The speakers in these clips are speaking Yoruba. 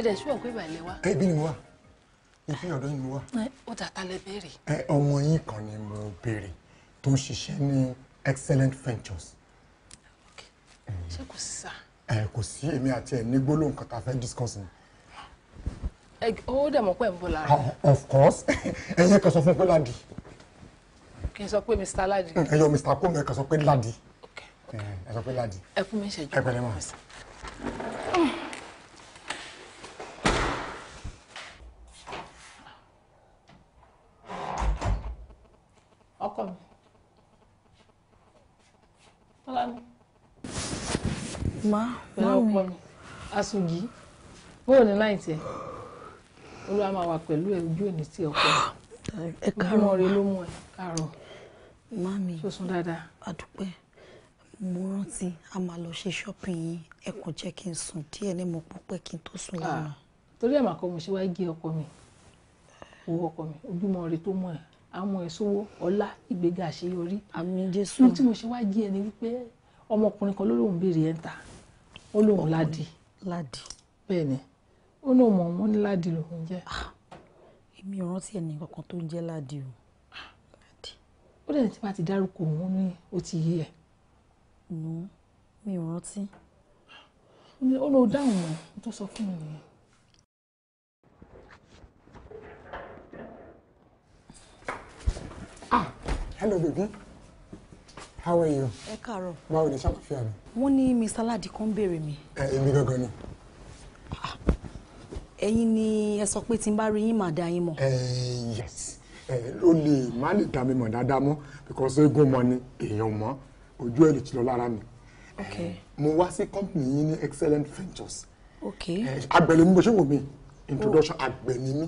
ẹ̀dẹ̀ sùn ọ̀pẹ ìbàlẹ̀ wa. ẹbí ni mo wà ibi ọ̀dọ́ ni mo wà. ó dà ta lẹ béèrè. ẹ ọmọ yín kan ni mo béèrè tó ń ṣiṣẹ́ ní excellent ventures. ṣé kò sí sá. ẹ kò sí èmi àti ẹ ní gbólóhùn kan tá a fẹ́ discuss ni. owó dẹ̀ mọ̀ pé ń bọ̀ lára. Ah, of course ẹ̀yin kan sọ fún pé ládì. kì í sọ pé mr ládì. ẹyọ mr kómi ẹ kan sọ pé ládì. ẹ sọ pé ládì. ẹ fún mi ṣe jù. ẹ pẹ̀lẹ́ mọ. ọkọ mi. Tọ́lá mi. Má má Asugi, bóò ní láì tiẹ̀, olúwa máa wà pẹ̀lú ẹ̀ ojú òní tí ọkọ. Ah, ẹ káàárọ̀. Ojúmọ́ rẹ ló mú ẹ káàárọ̀. Má mi. Sosun dáadáa. Adúpẹ́ mo rántí a máa lọ ṣe ṣọ́pìn yín ẹ kàn jẹ́ kí n sùn díẹ̀ ní mo púpẹ́ kí n tó sùn lánàá. Ah, torí ẹ̀ màá kọ́ mo ṣe wá gé ọkọ mi, owó ọkọ mi, ojúmọ́ rẹ tó mú ẹ̀ àmọ́ ẹ̀sọ́wọ́ ọlá ìgbéga àṣeyọrí. àmín jésù. ohun tí mo ṣe wá jí ẹ ni wípé ọmọkùnrin kan ló lóun béèrè ẹ̀ ń ta ó lóun ládi. ládi. bẹ́ẹ̀ ni ó lóun mọ̀ wọ́n ní ládi lòun jẹ́. Ah, èmi ò rántí ẹnì kankan tó ń jẹ́ ládi o. Ah, ó dẹ̀ ti bá ti dárúkọ òun ní ó ti yé ẹ̀. mi ò rántí. ó lóun dáhùn mọ́ tó sọ fún mi nìyẹn. hello baby how are you. ẹ káàárọ̀. báwo ni sàkófíà ni. wọ́n ní mr ladi kan béèrè mi. ẹ èmi gangan ni. ẹ̀yin ni ẹ sọ pé tí n bá rí yín màá dá yín mọ̀. yes ẹ ó lè má lè dá mi mọ̀ dáadáa mọ́ because eégún mọ ni èèyàn mọ́ ojú ẹ̀ lè ti lọ lára mi. okay. mo wá sí company yín ní excellent ventures. okay. àgbẹ̀ lèmi bó ṣe wò mí introduction àgbẹ̀ ni mí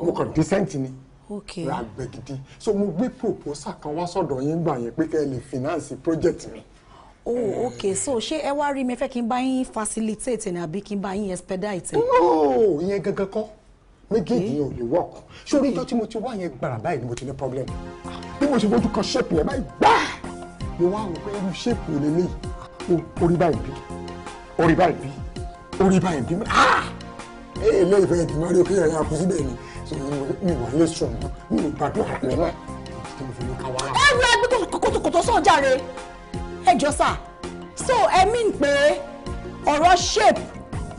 mo kàn decent ni. Okay ràgbẹ̀ gidi so mo gbé proposal kan wá sọ̀dọ̀ yín gbà yẹn pé kẹ́ ẹ lè finance project mi. oh ok so ṣé ẹ wá rí mi fẹ́ kí n bá yín facilitate ni àbí kí n bá yín expedite. no ìyẹn gangan kọ́ méjèèjì yẹn ò lè work sórí ìjọ tí mo ti wá yẹn gbàrà báyìí ni mo ti ní problem bí mo ṣe fojú kan ṣépù yẹn báyìí gbá mo wá rò pé irú ṣépù lélẹ́yìí orí báyìí bí orí báyìí bí orí báyìí bí ah ẹ ẹ lẹ́yìn fẹ́ẹ́ dì mọ́ rí o síbẹ̀ ni ṣe mi wà lè sùn mọ́ mi ò gbàdúrà rẹ̀ mọ́ tí mo fi ní káwá. ẹ ọ̀rọ̀ shape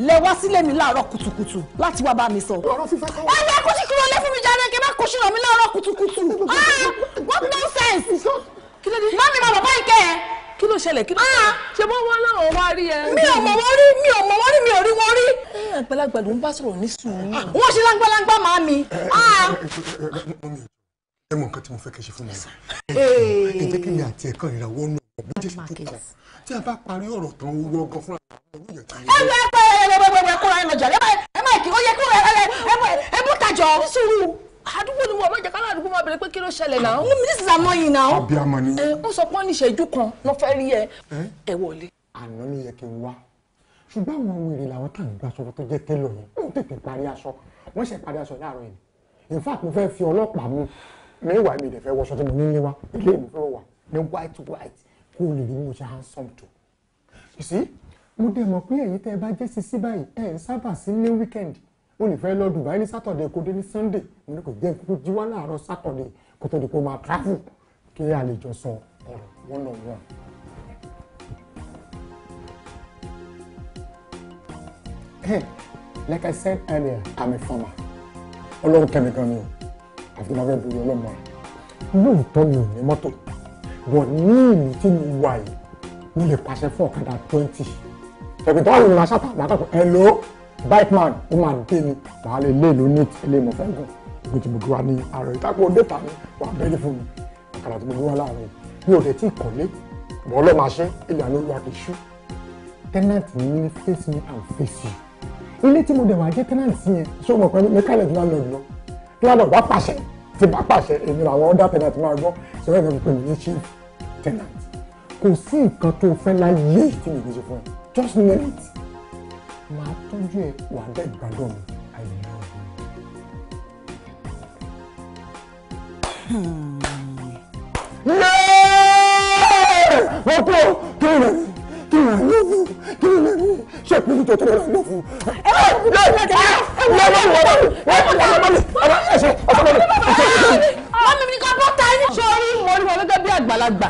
lẹ wá sílé mi láàárọ̀ kùtùkùtù láti wá bá mi sọ. ọ̀rọ̀ fífẹ́ kọ́ wa. ẹ wá kó sí kúrò lé fún mi jáde kí n má kó sínú mi láàárọ̀ kùtùkùtù. what nonsense. kí ló dé. má mi máa bàbá ìkẹ́ ẹ kí ló ṣẹlẹ̀ kí ló ṣẹlẹ̀ ṣe bọ́ wọn láwọn wá rí ẹ. mi ò mọ̀ wọ́n rí mi ò mọ̀ wọ́n rí mi ò rí wọn rí. àgbàlagbà ló ń bá sọ̀rọ̀ ní sùúrù. wọ́n ṣe lágbàlagbà máa mi. ẹ mọ nǹkan tí mo fẹ́ kẹ́ ṣe fún mi. ẹ jẹ́ kí mi àti ẹ̀kan ìra wọnú ọ̀pọ̀ bí jẹ́ tó kọ̀ tí a bá parí ọ̀rọ̀ tán owó ọkàn fúnra ẹ̀ ẹ̀ ẹ̀ àdúgbò ni wọn ọlọ́jà kálá àdúgbò máa bẹ̀rẹ̀ pé kí ló ṣẹlẹ̀ náà. wọ́n mi this is annoying now. àbí àmọ́ ni. ẹ wọ́n sọ pé wọ́n ní ìṣẹ́jú kan lọ́ fẹ́ rí ẹ. ẹ wọlé. àná ló yẹ kí n wá ṣùgbọ́n àwọn ohun èrè làwọn tá à ń gba aṣọ tó jẹ́ tẹ́lọ̀ yẹn wọ́n tètè parí aṣọ wọ́n ṣe parí aṣọ láàárọ̀ yìí in fact mo fẹ́ fi ọlọ́pàá mu mẹ́wàá mi ìdẹ̀fẹ́ wọṣọ tí mo ní níwá ilé mi fẹ́ white white kó o lè handsome tó you see mo dẹ̀ mọ̀ pé ẹ̀yin tẹ́ ẹ bá jẹ́ sisi báyìí weekend ó ní fẹ́ ní sátọ̀dẹ̀ kó dé ní sunday mo ní kò jẹ́ kó jí wá láàárọ̀ sátọ̀dẹ̀ kó tó di kó máa travel kí a lè jọ sọ ọ̀rọ̀ one on one. like I said earlier I'm a farmer ọlọ́run kẹ́míkan ni o àfi máa fẹ́ borí ọlọ́mọ rẹ̀ lóòótọ́ mi ò ní mọ́tò bọ̀ ní ìlú tí mo wà yìí mo lè pàṣẹ fún ọ̀kadà twenty ẹ̀gbẹ́ tó wà lónìí ma ṣàtàkùn àkàkùn ẹ̀ lóò bike man ó máa dé ni màá lè lé ìlú ní ilé ìmọ̀fẹ́ gan gbèjì gbogbo wa ní àárọ̀ ìtàkùn òdèta mi wà bẹ́ẹ̀ fún mi àkàrà tó gbogbo wa láàrin mi ò dẹ̀ tí ì kọ́lé mọ́ ọlọ́ máa ṣe ilé àná olúwa kì í ní face me and face you ilé tí mo dẹ̀ wá jẹ́ tenant sí yẹn ṣé o mọ̀ pé mẹ́kálẹ̀ tí wọ́n lọ lọ kí wọ́n lọ bá pàṣẹ tí bá pàṣẹ èmi làwọn ọ̀dà tenant máa gbọ́ ṣé wọ́n yẹn pè mí ní chief tenant kò sí nǹkan tó just know máa tọ́jú ẹ̀ wà dẹ́ ìgbádùn mi I love you. wọ́n kúrò kí ni kí ni lọ́fù kí ni lọ́fù ṣé kí ni tòótọ́ mọ́mí mi kan bọ́ ta ẹni. sọ́ọ́rí mo rí wọn gẹ́gẹ́ bí àgbàlagbà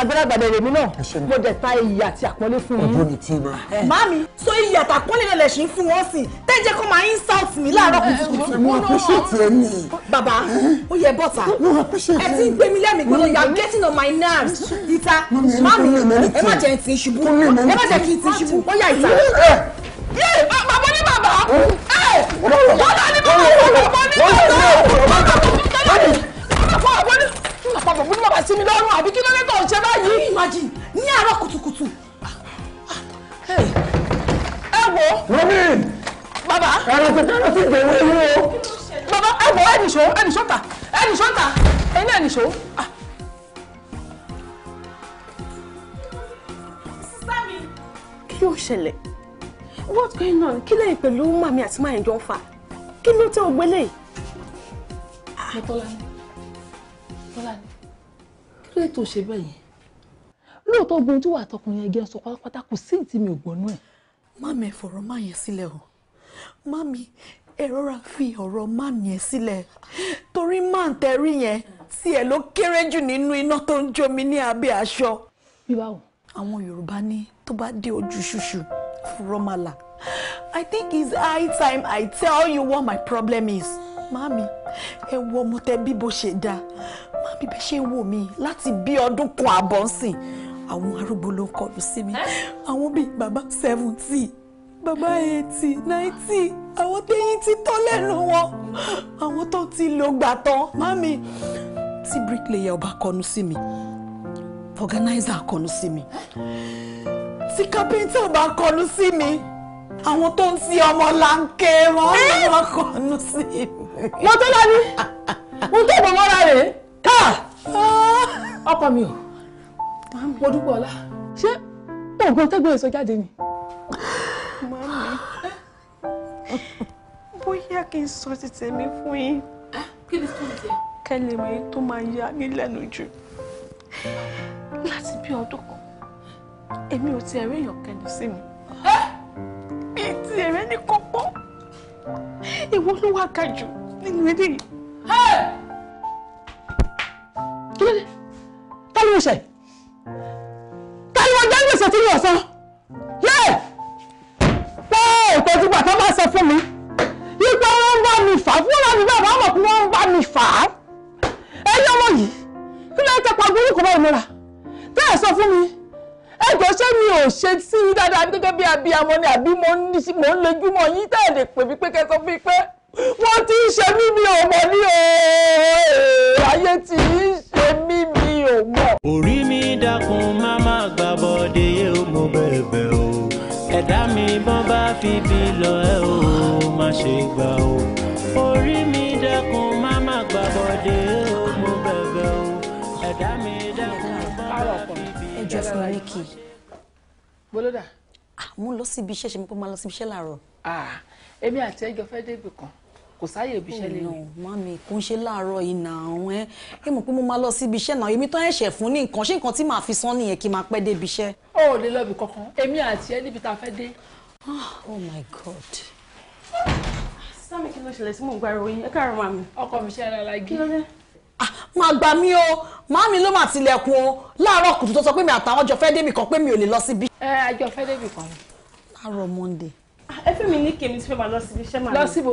àgbàlagbà bẹ̀rẹ̀ mi náà mo dẹ̀ ta iyì àti àpọ́nlé fún yín. ọdún mi ti ma. mami so iyì àti àpọ́nlé rẹ̀ lẹ̀ṣin fún wọn sí tẹ́jẹ́ kó máa insult mi láàárọ̀ kùtùkùtù. mo appreciate ẹ ní. bàbá ó yẹ bọ́ta ẹ ti ń gbé mi lẹ́mìí gbọ́dọ̀ you are getting on my nerves ìta mami ẹ má jẹ́ ti ṣubú ẹ má jẹ́ kí ti ṣubú ó yà ìta. bàbá ní bàbá bàbá ní bàbá bàbá ní bàbá àwọn ní àpapọ̀ bó ní bàbá sí mi lọ́rùn àbí kí ló lè tọ̀ ṣe báyìí. imagine ní àárọ̀ kùtùkùtù. ẹ wo. mọ́mí. bàbá. ẹ̀rọ kékeré ti gbèrú ewu o. bàbá ẹ wo ẹnìṣó ẹnìṣó ta ẹnìṣó ta ẹni ẹnìṣó. Ah. sísá kí ló ṣẹlẹ̀ what's going on kí lẹ́yìn pẹ̀lú màmí àti máyẹ̀ jọ ń fà kí ló tẹ́ ògbélé. Tọ́lání kí ló tó ṣe bẹ́ẹ̀ yẹn lóòótọ́ ogun ojú wa àtọkùnrin ẹgẹ sọ pátápátá kò sí ìtì mi ò gbọ́nú ẹ̀. mami ẹ fọ̀rọ̀ má yẹn sílẹ̀ o mami ẹ rọra fi ọ̀rọ̀ má yẹn sílẹ̀ torí má ń tẹrí yẹn tí ẹ ló kéré jù nínú iná tó ń jómi ní abẹ́ aṣọ. bíbáwò. àwọn Yorùbá ní tó bá dé ojú ṣùṣù fúnrọ́ máa là I think it's high time I tell you what my problem is. mami ẹ wo ọmọ tẹ bí bó ṣe dáa bíbẹ́ ṣe ń wò mí láti bí ọdún kan àbọ̀ ń sìn àwọn arúgbó ló ń kọlù sí mi àwọn bíi bàbá seventy bàbá eighty ninety àwọn téyín ti tọ́ lẹ́nu wọn àwọn tó ti lò gbà tán mami tí bricklayer ọba kọnu sí mi organizer kọnu sí mi tí carpenter ọba kọnu sí mi àwọn tó ń ti ọmọ láńkè wọn ló kọnu sí mi. mo tó lọ ní mo tó bọ̀ mọ́ra rèé. Ah! ọkọ mi ò mo dúpọ̀ ọlá ṣé oògùn tẹ́gbọ̀n èso jáde ni. màmí bóyá kí n sọ ti tèmi fún yín kẹ́lẹ̀ mi tó máa yá mi lẹ́nu jù láti bí ọdún kan èmi ò ti ẹ̀rí èèyàn kẹnu sí mi mi ti ẹ̀rẹ́ ní kọ́kọ́ ìwọ ló wá ga jù nínú eléyìí kí ló dé ta ló ń ṣe ta ló ń jẹ́ gbèsè tí yóò san yẹ́ẹ̀ pé èkó tí gbàtọ́ bá sọ fún mi ipò wọn ń bá mi fà á fúnra mi bàbá ọmọ kí wọ́n ń bá mi fà á ẹ̀yin ọmọ yìí kí ló ń tẹpa gbóyún kò bá ìmúra tẹ́ ẹ̀ sọ fún mi ẹ̀jọ̀ ṣé mi ò ṣe sí i dáadáa gẹ́gẹ́ bí abiyamọ ni àbí mo ń lejúmọ́ yín tẹ́ ẹ̀ lè pè mí pé kẹ́ sọ fún mi pé wọ́n ti ń ṣe mí mi ò mọ̀ ní o ayé ti ń ṣe orí mi dákun má má gbà bọ́dé o mo bẹ̀bẹ̀ o ẹ̀dá mi bọ́n bá fi bí lọ ẹ o má ṣe gbà o orí mi dákun má má gbà bọ́dé o mo bẹ̀bẹ̀ o ẹ̀dá mi dákun bọ́n bá fi bí lọ ẹ jọ fún mi mo ah, lọ síbi iṣẹ́ ṣe mi pé mo máa lọ síbi iṣẹ́ láàárọ̀. Ah, èmi àti ẹjọ́ fẹ́ débì kan kò sáyè ibi iṣẹ́ oh, lè rìn. mami kò ń ṣe láàárọ̀ yìí àwọn ẹ ẹ mọ̀ pé mo máa lọ sí ibi iṣẹ́ náà èmi tó ẹ̀ṣẹ̀ fún ní nǹkan ṣé nǹkan tí màá fi san nìyẹn kí n máa pẹ́ dé ibi iṣẹ́. ó ò lè lọ ibì kankan èmi àti ẹ níbi tá a fẹ́ dé. oh my god. sámi kí ló ṣẹlẹ̀ sí mò ń gba ìròyìn ẹ káàárọ̀ màmí. ọkọ mi ṣe ara lagi. kí ló dé ah, máa gbà mí o màámi ló máa tilẹ̀kùn o láàárọ̀ kùtù tó sọ pé mi àtàwọn jọ fẹ́ débì kan pé mi ò lè lọ síbi. ẹ àjọ fẹ́ débì kan. láàárọ̀ monday. Ah, ẹ fẹ́ mi ní kèmí tí fẹ́ máa lọ síbi iṣẹ́ màá lọ síbo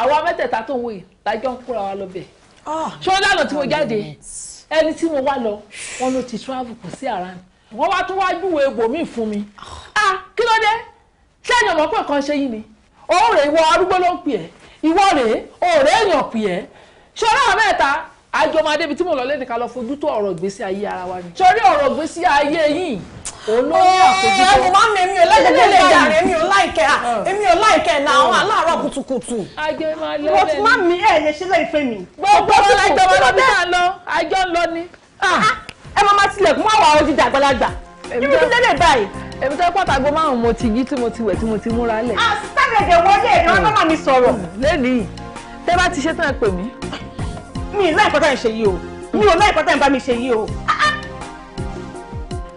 àwa mẹ́tẹ̀ẹ̀ta tó ń wòye lájọ́ ń kóra wa lọ bẹ̀. ṣé wọ́n lánàá tí mo jáde ẹni tí mo wá lọ wọn ló ti travel kò sí ara mi wá tún wá júwe ibòmíì fún mi. ah kí ló dé sẹ́yìn ọmọ pé kan ṣe yín ni òórè ìwọ arúgbó ló ń pè é ìwọ rèé òórè èèyàn pè é ṣọlá mẹ́ta àjọ máa débi tí mo lọ lẹ́nu ká lọ fojú tó ọ̀rọ̀ ìgbésí ayé ara wa ni. torí ọ̀rọ̀ ìgbésí ayé yìí olórí àkójútó. ẹ ẹ màmá mi èmi ò lẹ́jẹ̀ lè jà rẹ̀ èmi ò láìkẹ́ à èmi ò láìkẹ́ nà àwọn aláàárọ̀ kùtùkùtù. àjọ máa lẹ́lẹ̀ ni. wọ́n ti má mi ẹ̀ lè ṣe lẹ́yìn fẹ́ mi. gbogbo ọ̀la ìjọ máa lọ bí à ń lọ àjọ ń lọ ni. Ah, ah, ẹ máa máa tilẹ̀kùn mọ́ àwọn òjijì àgbàlagbà. èmi tó lé lè báyìí. èmi tó pàtàkó márùn-ún mo ti yí tí mo ti wẹ̀ tí mo ti múra lẹ̀. àṣìṣe ah, àgbẹ̀dẹ̀ wọlé ẹ̀ mi ì láì pátá ìṣe yìí o mi ò láì pátá ìbá mi ṣe yìí o.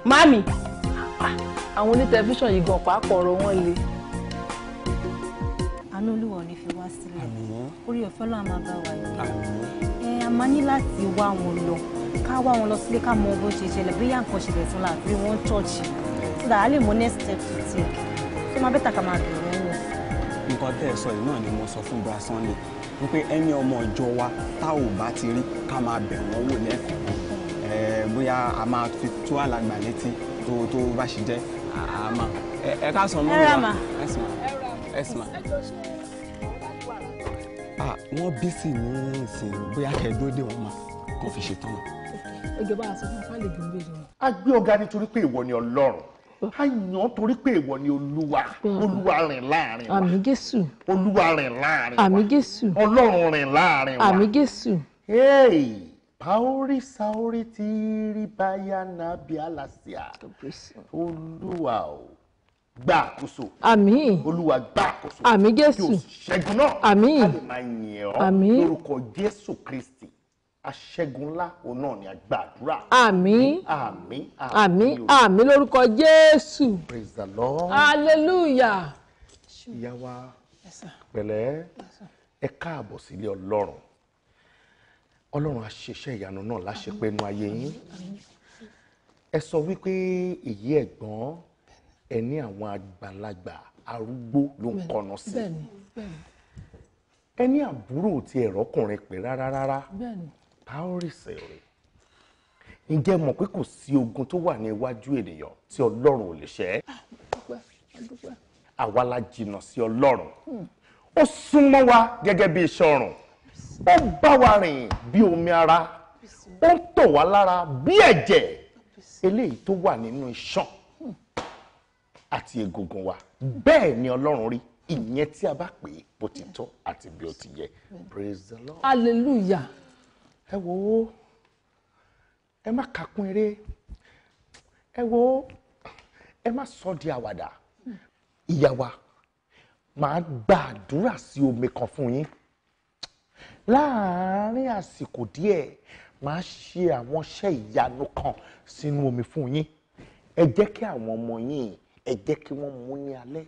Màámi. Àwọn onítẹ̀fíṣàn yìí gan pàápọ̀ ọ̀rọ̀ wọn le. Àánú Olúwa ò ní fi wá sílẹ̀. Orí ọ̀fẹ́ lọ́wọ́ máa bá wa yìí. Ẹ a máa ní láti wá wọn lọ. Ká wá wọn lọ sílé ká mọ bó ṣe ṣẹlẹ̀ bóyá nǹkan ṣẹlẹ̀ tún là bí wọ́n ṣọ́ọ̀ṣì. Sọ̀dà lè mọ next step to take. Ṣé máa bẹ́tà ká máa bẹ̀rẹ̀ wọn? Nǹkan tẹ́ ẹ sọ yìí náà ni mo sọ fún Bra Sunday wípé ẹni ọmọ ìjọ wa tá ò bá ti rí ká máa bẹ̀ wọ́n wò lẹ́kọ̀ọ́ bóyá a máa fi tó alàgbà létí tó tó bá ṣe jẹ́ àmà ẹ ká sọ mọ́ wa ẹ̀sìn ẹ̀sìn wọ́n bí sí ní ìsìn bóyá kẹ́ẹ̀dúró dé wọn mà kó fi ṣe tán. ìjọba àti fún apá lè dùn bẹ́ẹ̀ ni. a gbé ọ̀gá nítorí pé ìwọ ni ọlọ́run a yàn torí pé ìwọ ni olúwa olúwa rìn láàrin wa àmì jésù olúwa rìn láàrin wa àmì jésù ọlọ́run rìn láàrin wa àmì jésù. Paori saori ti rí báyà náà àlàsíà. Olúwa o gba àkóso. àmín. olúwa gba àkóso. àmín jésù. yóò ṣẹ́gun náà. àmín. a lórúkọ jésù kristi aṣẹ́gun ńlá òun náà ni àgbàdúrà. àmín àmín àmín àmín lórúkọ jésù. praise the lord. hallelujah. ìyá wa pẹ̀lẹ́ ẹ káàbọ̀ sílé ọlọ́run ọlọ́run á ṣe iṣẹ́ ìyanu náà láṣepẹ́nu ayé yín ẹ sọ wípé èyí ẹ̀gbọ́n ẹ ní àwọn àgbàlagbà arúgbó ló ń kọ́nà sí ẹ ní àbúrò tí ẹ̀rọ ọkùnrin pè rárá rárá. Bẹ́ẹ̀ni taorisere ǹjẹ́ mọ̀ pé kò sí ogun tó wà ní iwájú ènìyàn tí ọlọ́run ò lè ṣẹ́ ah, àwa la jìnnà sí ọlọ́run ó súnmọ́ wa gẹ́gẹ́ bí iṣan ọrùn ó bá wa rìn bí omi ara ó ń tọ̀ wá lára bí ẹ̀jẹ̀ eléyìí tó wà nínú iṣan àti egungun wa bẹ́ẹ̀ ni ọlọ́run rí ìyẹn tí a bá pè é bó ti tọ́ àti bí ó ti yẹ praise the lord. hallelujah ẹ wò ó ẹ má kàkún eré ẹ wò ó ẹ má sọ di àwàdà ìyá wa màá gba àdúrà sí omi kan fún yín láàárín àsìkò díẹ̀ màá ṣe àwọn iṣẹ́ ìyanu kan sínú omi fún yín ẹ jẹ́ kí àwọn ọmọ yín ẹ jẹ́ kí wọ́n mú ní alẹ́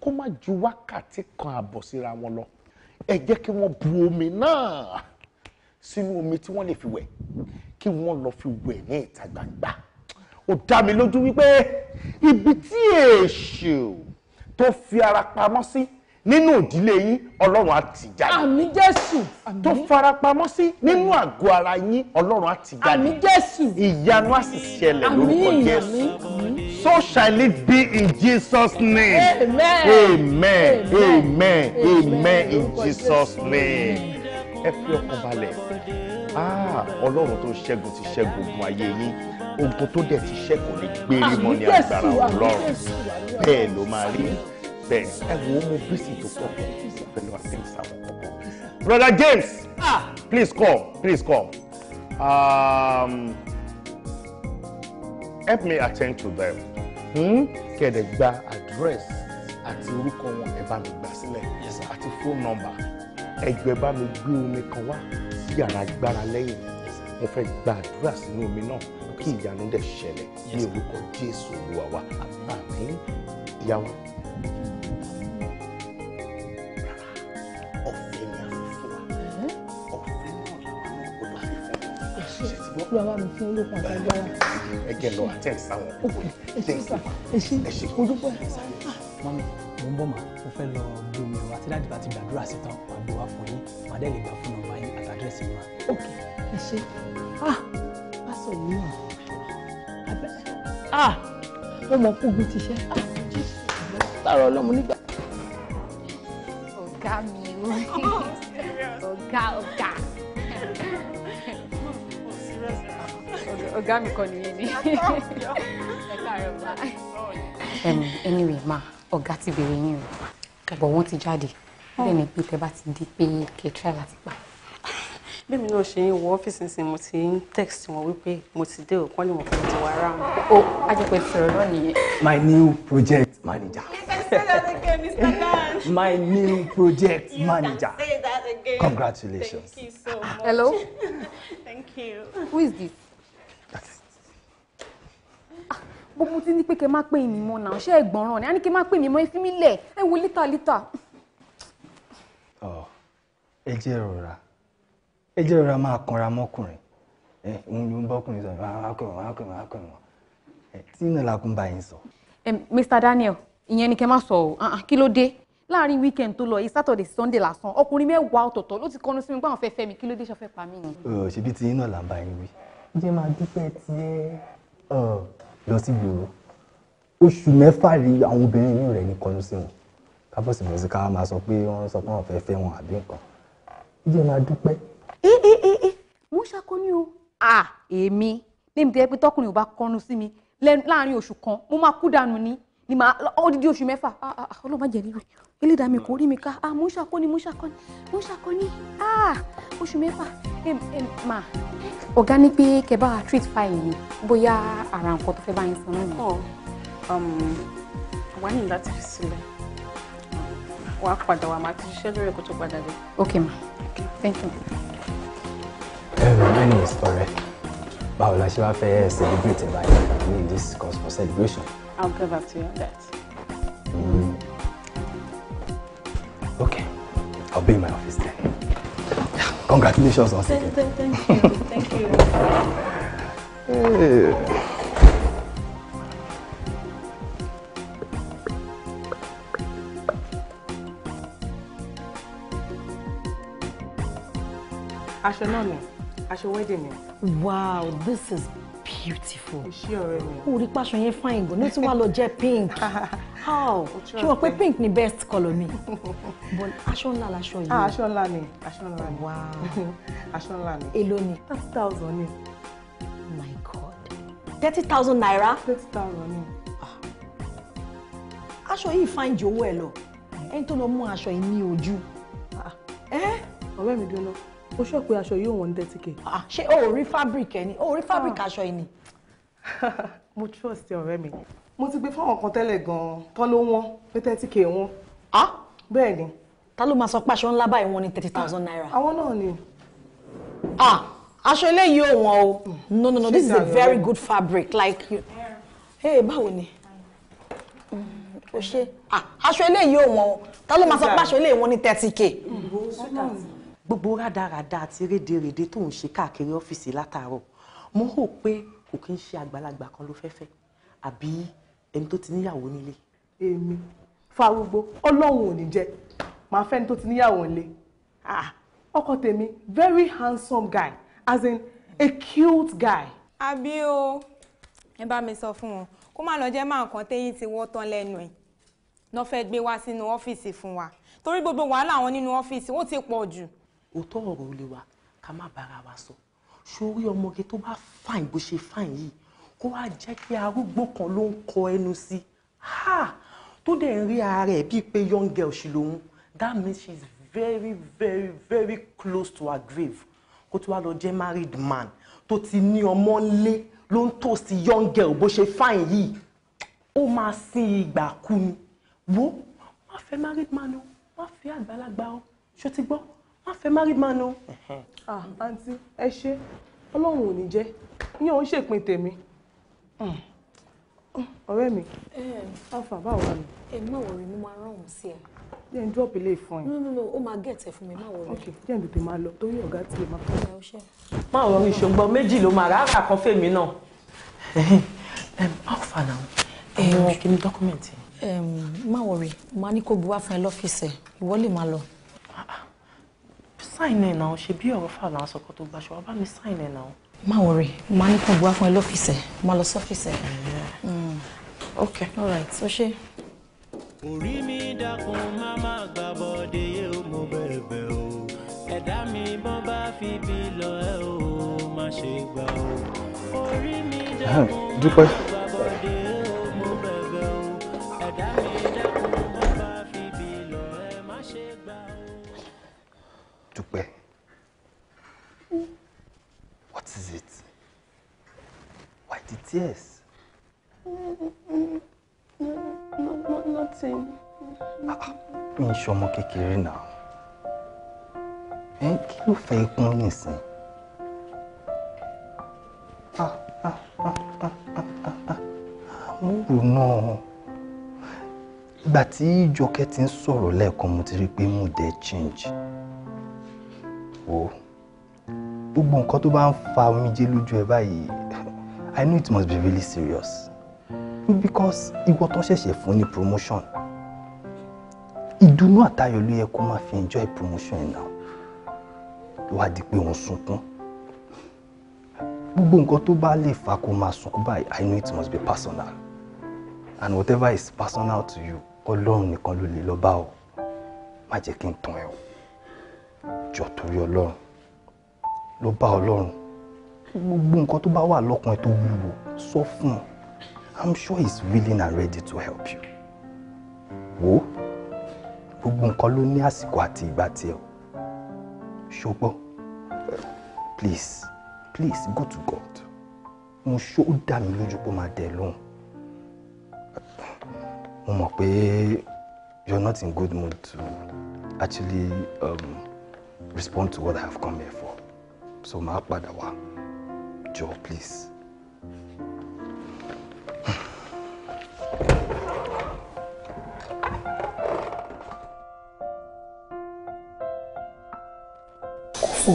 kó má ju wákàtí kan àbọ̀ síra wọn lọ ẹ jẹ́ kí wọ́n bu omi náà sínú omi tí wọ́n lè fi wẹ̀ kí wọ́n lọ fi wẹ̀ ní ìta gbangba ó dá mi lójú wípé ibi tí èṣù tó fi ara pamọ́ sí nínú ìdílé yín ọlọ́run á ti jáde. àmì jésù. tó fara pamọ́ sí nínú àgọ́ ara yín ọlọ́run á ti jáde. àmì jésù. ìyanu á sì ṣẹlẹ̀ lórúkọ jésù. so shall it be in jesus name. amen amen amen amen in jesus name ẹ fi ọkàn balẹ̀ ah, ọlọ́run tó ṣẹ́gun ti ṣẹ́gun ogun ayé yín ogun tó dẹ̀ ti ṣẹ́gun ní gbére mọ́ ní ah, agbára ah, ọlọ́run bẹ́ẹ̀ ló máa rí bẹ́ẹ̀ ẹ wo mo bísí tó pọ̀ pẹ̀lú àtẹ̀sí àwọn brother James please come please come um, help me attend to them hmm? kẹ̀dẹ̀ gba address àti orúkọ wọn ẹ̀ bá mi gbà sílẹ̀ àti phone number ẹjọ́ ẹ bá mi gbé omi kan wá sí yàrá gbára lẹ́yìn mo fẹ́ gba àdúrà sínú omi náà kí ìyanu dẹ̀ ṣẹlẹ̀ ní orúkọ Jésù Olúwa wa àmín ìyàwó. lọ bá mi fi ń lókun àtàgbára. ẹ jẹ́ lọ àtẹ̀ sáwọn òkú ẹ ṣe é ṣe é ṣe é ṣe é ṣe é ṣe é ṣe é ṣe é ṣe é ṣe é ṣe é ṣe é ṣe é ṣe é ṣe é ṣe é ṣe é mo ń bọ̀ mà mo fẹ́ lọ gbé omi wá tí bá ti gbàdúrà sí tán màá gbé wá fún yín màá dẹ́ lè gbà fún nọ́mbà yín àti àdírẹ́sì ok ẹ ṣe ah pásọ yìí mà abẹ ah mo mọ kógun ti ah jésù tààrọ ọlọmọ nígbà. ọ̀gá mi wọ́n ọ̀gá ọ̀gá ọ̀gá mi kọ́ nìyẹn ni ẹ káàárọ̀ bá. anyway ma ọ̀gá ti bèrè yín o bọ̀ wọ́n ti jáde oh. bẹ́ẹ̀ ni pé tẹ bá ti di pé kẹtíra láti pa. bẹ́ẹ̀ mi náà ṣe ń wọ ọ́fíìsì nísìnyí mo ti ń text wọn wípé mo ti dé òkú ọ̀nìmọ̀ fún mi ti wá ráhùn. o ajẹpẹ sọ̀rọ̀ náà nìyẹn. my new project manager. my new project manager. congratulations. thank you so much. hello. thank you. who is this. bó mo ti ní pé kẹ má pè mí mọ́ náà ṣé ẹ̀gbọ́n ràn ni a ní kẹ má pè mí mọ́ ìfín mi lẹ̀ ẹ wo lítà lítà. ọ ẹ jẹ́ rọra ẹ jẹ́ rọra máa kanra mọ́kùnrin ẹ òun ló ń bọ́kùnrin sọ máa kọrin máa kọrin máa kọrin wọn ẹ tí náà la kún bá yín sọ. Mr. Daniel ìyẹn ni kẹ má sọ o ah, ah, kí ló dé láàrin weekend tó lọ yìí Saturday Sunday lásán ọkùnrin mẹ́wàá ọ̀tọ̀ọ̀tọ̀ ló ti kọnu sí mi pé àwọn fẹ́ẹ́ fẹ́ mi kí ló dé ṣọ́fẹ́ pa mí ni. ṣèbí tí yín náà là ń bá yín wí jẹ́ máa dúpẹ́ tiẹ̀ lọ sí ìgboro oṣù mẹ́fà rí àwọn obìnrin inú rẹ̀ ní kọnu sí wọn kábọ̀sì bọ̀sì ká máa sọ pé wọ́n sọ pé wọ́n fẹ́ fẹ́ wọn àbí nǹkan ìyẹn máa dúpẹ́. ẹ ẹ ẹ ẹ mo ṣàkó ní o à èmi lèmi tẹ́ pé tọkùnrin ò bá kọnu sí mi láàrin oṣù kan mo máa kú dànù ni ni màá odidi oṣù mẹ́fà ọlọ́mọ jẹ̀rí rẹ̀ elédàá mi hmm. kò rí mi ká ah mo ń ṣàkóní mo ń ṣàkóní mo ń ṣàkóní ah oṣù mẹ́fà ẹ ẹ ma ọ̀gá ní pé kẹ́ treat fine yìí bóyá ara nǹkan tó fẹ́ bá yín san náà nìyẹn. Oh, um, wà á ní láti fi sílẹ̀ wà á padà wà máa ti ṣiṣẹ́ lórí ẹ̀kọ́ tó padà dé. ok ma thank you. ẹ eh, ẹ my name is ọrẹ báwo la ṣe wá fẹ́ celebrate báyìí in this cause for celebration. I'll get back to you on that. Mm. Okay, I'll be in my office then. Congratulations once again. Thank, thank you. Thank you. Hey. Aṣọ náà ni, aṣọ wedding Wow, this is beautiful. Ṣé ọ̀rẹ́ mi? Orí pàṣọ yẹn fine gan, ní tí wàá lọ jẹ́ pink. how ṣé wọ́n pé pink ni best colour mi but aṣọ ńlá laṣọ yìí. ah aṣọ ńlá ni aṣọ ńlá ni wow aṣọ ńlá ni. èló ni. thirty thousand ni. Oh my god thirty thousand naira. thirty thousand ni. Ah. aṣọ yìí fine ju owó ẹ lọ ẹni tó lọ mú aṣọ yìí ní ojú. Ah. ọ̀rẹ́ mi dúró lọ o ṣọ́ pé aṣọ yìí ò wọ́n thirty k. Ah, ṣé o ò rí fabric ẹ ni o ò rí fabric aṣọ yìí ni. mo trust ọ̀rẹ́ mi mo ti gbé fáwọn kan tẹ́lẹ̀ gan-an tán ló wọ́n pé thirty k wọ́n. Ah! bẹ́ẹ̀ ni. ta ló máa sọ pé aṣọ ńlá báyìí wọ́n ní thirty thousand naira. Ah, àwọn náà ni. Ah! aṣọ eléyìí ò wọ́n o hmm. no no no this is a very good fabric like you. ee báwo ni o ṣe aṣọ eléyìí ò wọ́n o ta ló máa sọ pé aṣọ eléyìí wọ́n ní thirty k. gbogbo rádaràda àti rédèrèdè tó ń ṣe káàkiri ọ́fíìsì látàárọ̀ mo hò pé kò kí ń ṣe àgbàlagbà kan ló fẹ́ fẹ́ àbí ẹni tó ti níyàwó nílé. èmi farúgbó ọlọ́run ò ní jẹ́ màá fẹ́ni tó ti níyàwó nílé ah, ọkọ tèmi very handsome guy as in a cute guy. àbí o ẹ bá mi sọ fún wọn kó má lọ jẹ́ máa kàn téyín ti wọ́ tán lẹ́nu ẹ̀ náà fẹ́ gbé wá sínú ọ́fíìsì fún wa torí gbogbo wàhálà àwọn nínú ọ́fíìsì ó ti pọ̀ jù. òótọ́ ọ̀rọ̀ ò lè wá ká má bára wa sọ sórí ọmọge tó bá fàìn bó ṣe fàìn yìí kó wá jẹ́ pé arúgbó kan ló ń kọ ẹnu sí tó dẹ̀ ń rí ara ẹ̀ bíi pé young girl ṣì lòun that means she is very very very close to her grave kó tó wá lọ jẹ́ married man tó ti ní ọmọ ńlé ló ń tò sí young girl bó ṣe fine yìí ó máa sin ìgbà kú ni wo má fẹ́ married man o má fẹ́ àgbàlagbà o ṣó ti gbọ́ má fẹ́ married man o. ah àǹtí ẹ ṣe ọlọ́run ò ní jẹ́ ìyẹn ò ń ṣèpin tèmi Mm. Oh, ọ̀rẹ́ mi eh. alfa báwo ni. ẹ eh, má wọrí mo máa rán òun sí ẹ. jẹ́ n drop ilé ìfún ẹ. no no no ó máa gẹ̀tẹ̀ fún mi má wọrí. ok jẹ́ n tètè máa lọ torí ọ̀gá tiẹ̀ máa fún mi. má wọrí ìṣògbọ́n méjì ló máa rárá kan fèmí náà. alfa náà ẹ ẹ kí ni dọ́kúmẹ̀ntì. má wọrí máa ní kó buwá fún ẹ lọ́fíìsì ẹ ìwọ lè máa lọ. Ah, ah, sáìn ẹ̀ náà ṣe bí ọ̀rọ̀ fà náà sọ̀kọ́ tó gbaṣọ́ wa bá mi sáìn ẹ̀ náà. Ma worry. má ní kàn buwá fún ẹ office. ẹ̀ má lọ sọ́fíìsì mm. all right So she. orí mi dákun má má gbà bọ́dé yóò mo bẹ̀bẹ̀ o ẹ̀dá mi bọ́n bá fi bí lọ ẹ o má ṣe gbà o orí mi dákun má má gbà bọ́dé yóò mo bẹ̀bẹ̀ o. tears? No, no, nothing. Mi ń ṣọmọ kékeré náà. Ẹ eh, kí ló fẹ́ ikún Ah, ah, ah, ah, ah, ah, ah. ti ń sọ̀rọ̀ lẹ́ẹ̀kan mo ti rí pé mood ẹ̀ change. Wo gbogbo nǹkan tó bá ń fa omijé lójú ẹ báyìí I knew it must be really serious because ìwọ tó ṣẹ̀ṣẹ̀ a funny promotion ìdùnnú àtayọ̀ ló yẹ kó máa fi enjoy promotion now. náà wá di pé òun sunkún gbogbo nǹkan tó bá lè fa kó máa I know it must be personal and whatever is personal to you alone nìkan can do lọ bá ọ má jẹ́ kí n tàn ẹ́ o jọ̀ọ́ torí ọlọ́run gbogbo nǹkan tó bá wà lọ́kàn tó wúwo sọ fún un i'm sure he's willing and ready to help you wo gbogbo nǹkan ló ní àsìkò àti ìgbà tiẹ̀ o ṣùgbọ́n please please go to god mo ṣó ó dà mí lójú pé máa dẹ̀ lóhùn mo mọ̀ pé you're not in good mood to actually um, respond to what i have come here for so màá padà wá jọ̀ọ́ please. kófò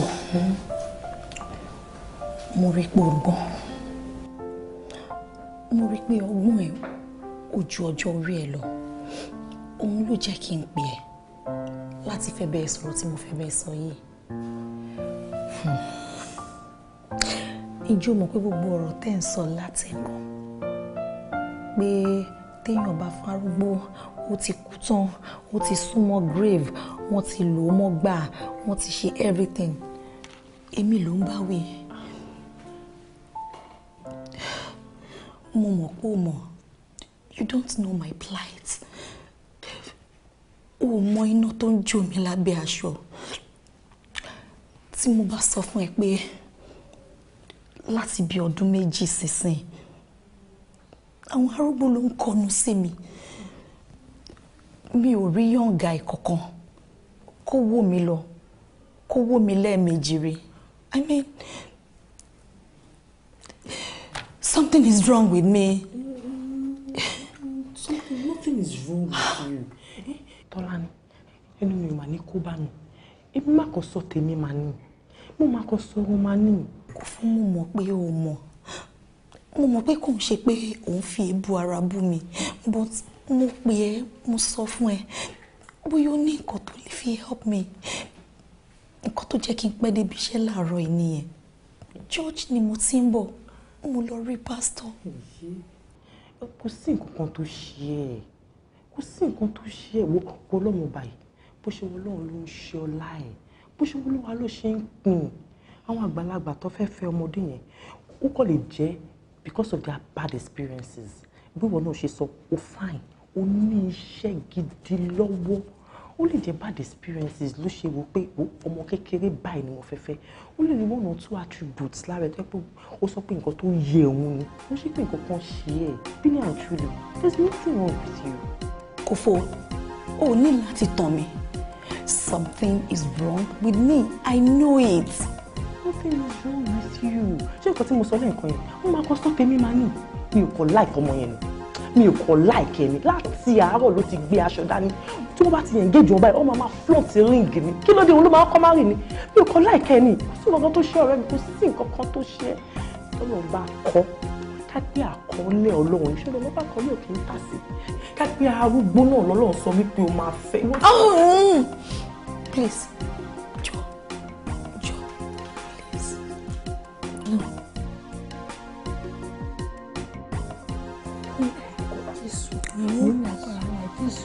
mo rí pé ọgbọ́n mo rí pé ọgbọ́n ẹ ojú ọjọ́ orí ẹ lọ òun ló jẹ́ kí n pè ẹ́ láti fẹ́ bẹ́ẹ̀ Hmm ìjọ mọ̀ pé gbogbo ọ̀rọ̀ tẹ́ ń sọ látẹ̀kàn pé téèyàn bá farúgbó ó ti kú tán ó ti súnmọ́ grave wọ́n ti lò ó mọ́gbà wọ́n ti ṣe everything èmi ló ń bá wí. mo mọ̀ pé o mọ̀ you don't know my plight o mọ iná tó ń jó mi lábẹ́ aṣọ tí mo bá sọ fún ẹ pé láti bí ọdún méjì sísìn àwọn arúgbó ló ń kọnu sí mi mi ò rí yọ̀ǹga ìkọ̀kan kó wó mi lọ kó wó mi lẹ́ẹ̀mejì rí i mean something is wrong with me. something nothing is wrong with you. tọ́lání ẹnu mi ò mà ní kó bá mi èmi má kàn sọ tèmi mà ní mo má kàn sọ ọ̀rọ̀ mà ní kó fún mo mọ̀ pé o mọ̀ mo mọ̀ pé kò ń ṣe pé òun fi èébú ara bú mi but mo pè ẹ́ mo sọ fún ẹ bóyá ó ní nǹkan tó lè fi help me nǹkan tó jẹ́ kí n pẹ́ débi iṣẹ́ láàárọ̀ yìí nìyẹn church ni mo ti ń bọ̀ mo lọ rí pásítọ̀. kò sí nǹkan kan tó ṣe ẹ́ kò sí nǹkan tó ṣe ẹ́ wo ọlọ́mọba yìí bó ṣe wọ́n lọ́run ló ń ṣe ọlá ẹ̀ bó ṣe wọ́n lọ́wọ́ ló ṣe ń pin àwọn àgbàlagbà tó fẹ́ fẹ́ ọmọdé yẹn ó kọ́ lè jẹ́ because of their bad experiences bí wọn náà ṣe sọ ó fine ó ní iṣẹ́ gidi lọ́wọ́ ó lè jẹ́ bad experiences ló ṣe wò pé ọmọ kékeré báyìí ni mo fẹ́ fẹ́ ó lè ní one or two attributes lára ẹ̀ pé ó sọ pé nǹkan tó yẹ òun ni ó ṣe pé nǹkan kan ṣe ẹ̀ bí ní àtúlẹ̀ there's nothing wrong with you. kò fò ó ní láti tàn mí something is wrong with me i know it nothing is wrong with you ṣé nǹkan tí mo sọ lẹ́ẹ̀kan yẹn wọ́n máa kọ́ stop èmi máa nì mi ò kọ́ like ọmọ yẹn ni mi ò kọ́ like ẹni láti àárọ̀ ló ti gbé aṣọ dání tí wọ́n bá ti yẹn géèjì wọn báyìí wọ́n máa máa flaunt ring ni kí ló dé òun ló máa kọ́ márì ni mi ò kọ́ like ẹni kò sí nǹkan tó ṣe ọ̀rẹ́ mi kò sí nǹkan kan tó ṣe tọ́lọ́ bá kọ́ kápẹ́ àkọọ́lẹ̀ ọlọ́run iṣẹ́ lọ́wọ́ bá kọ́ lóòkè ń tà sí kápẹ́ arúgbó náà lọ́lọ́run sọ wípé o máa fẹ́. please 我们两个买来支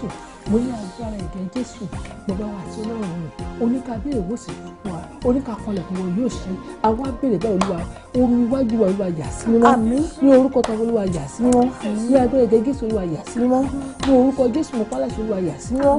mo ní agbára ẹ̀jẹ̀ jésù gbọdọ̀ àti ọlọ́run rẹ̀ oníka bí èrò sì wà oníka kanlẹ̀ fún wọn yóò ṣe àwa béèrè bá olúwa omi iwájú wa olúwa yà sí mímọ́ ní orúkọ tó olúwa yà sí mímọ́ ní agbára ẹ̀jẹ̀ jésù olúwa yà sí mímọ́ ní orúkọ jésù mo pálá sí olúwa yà sí mímọ́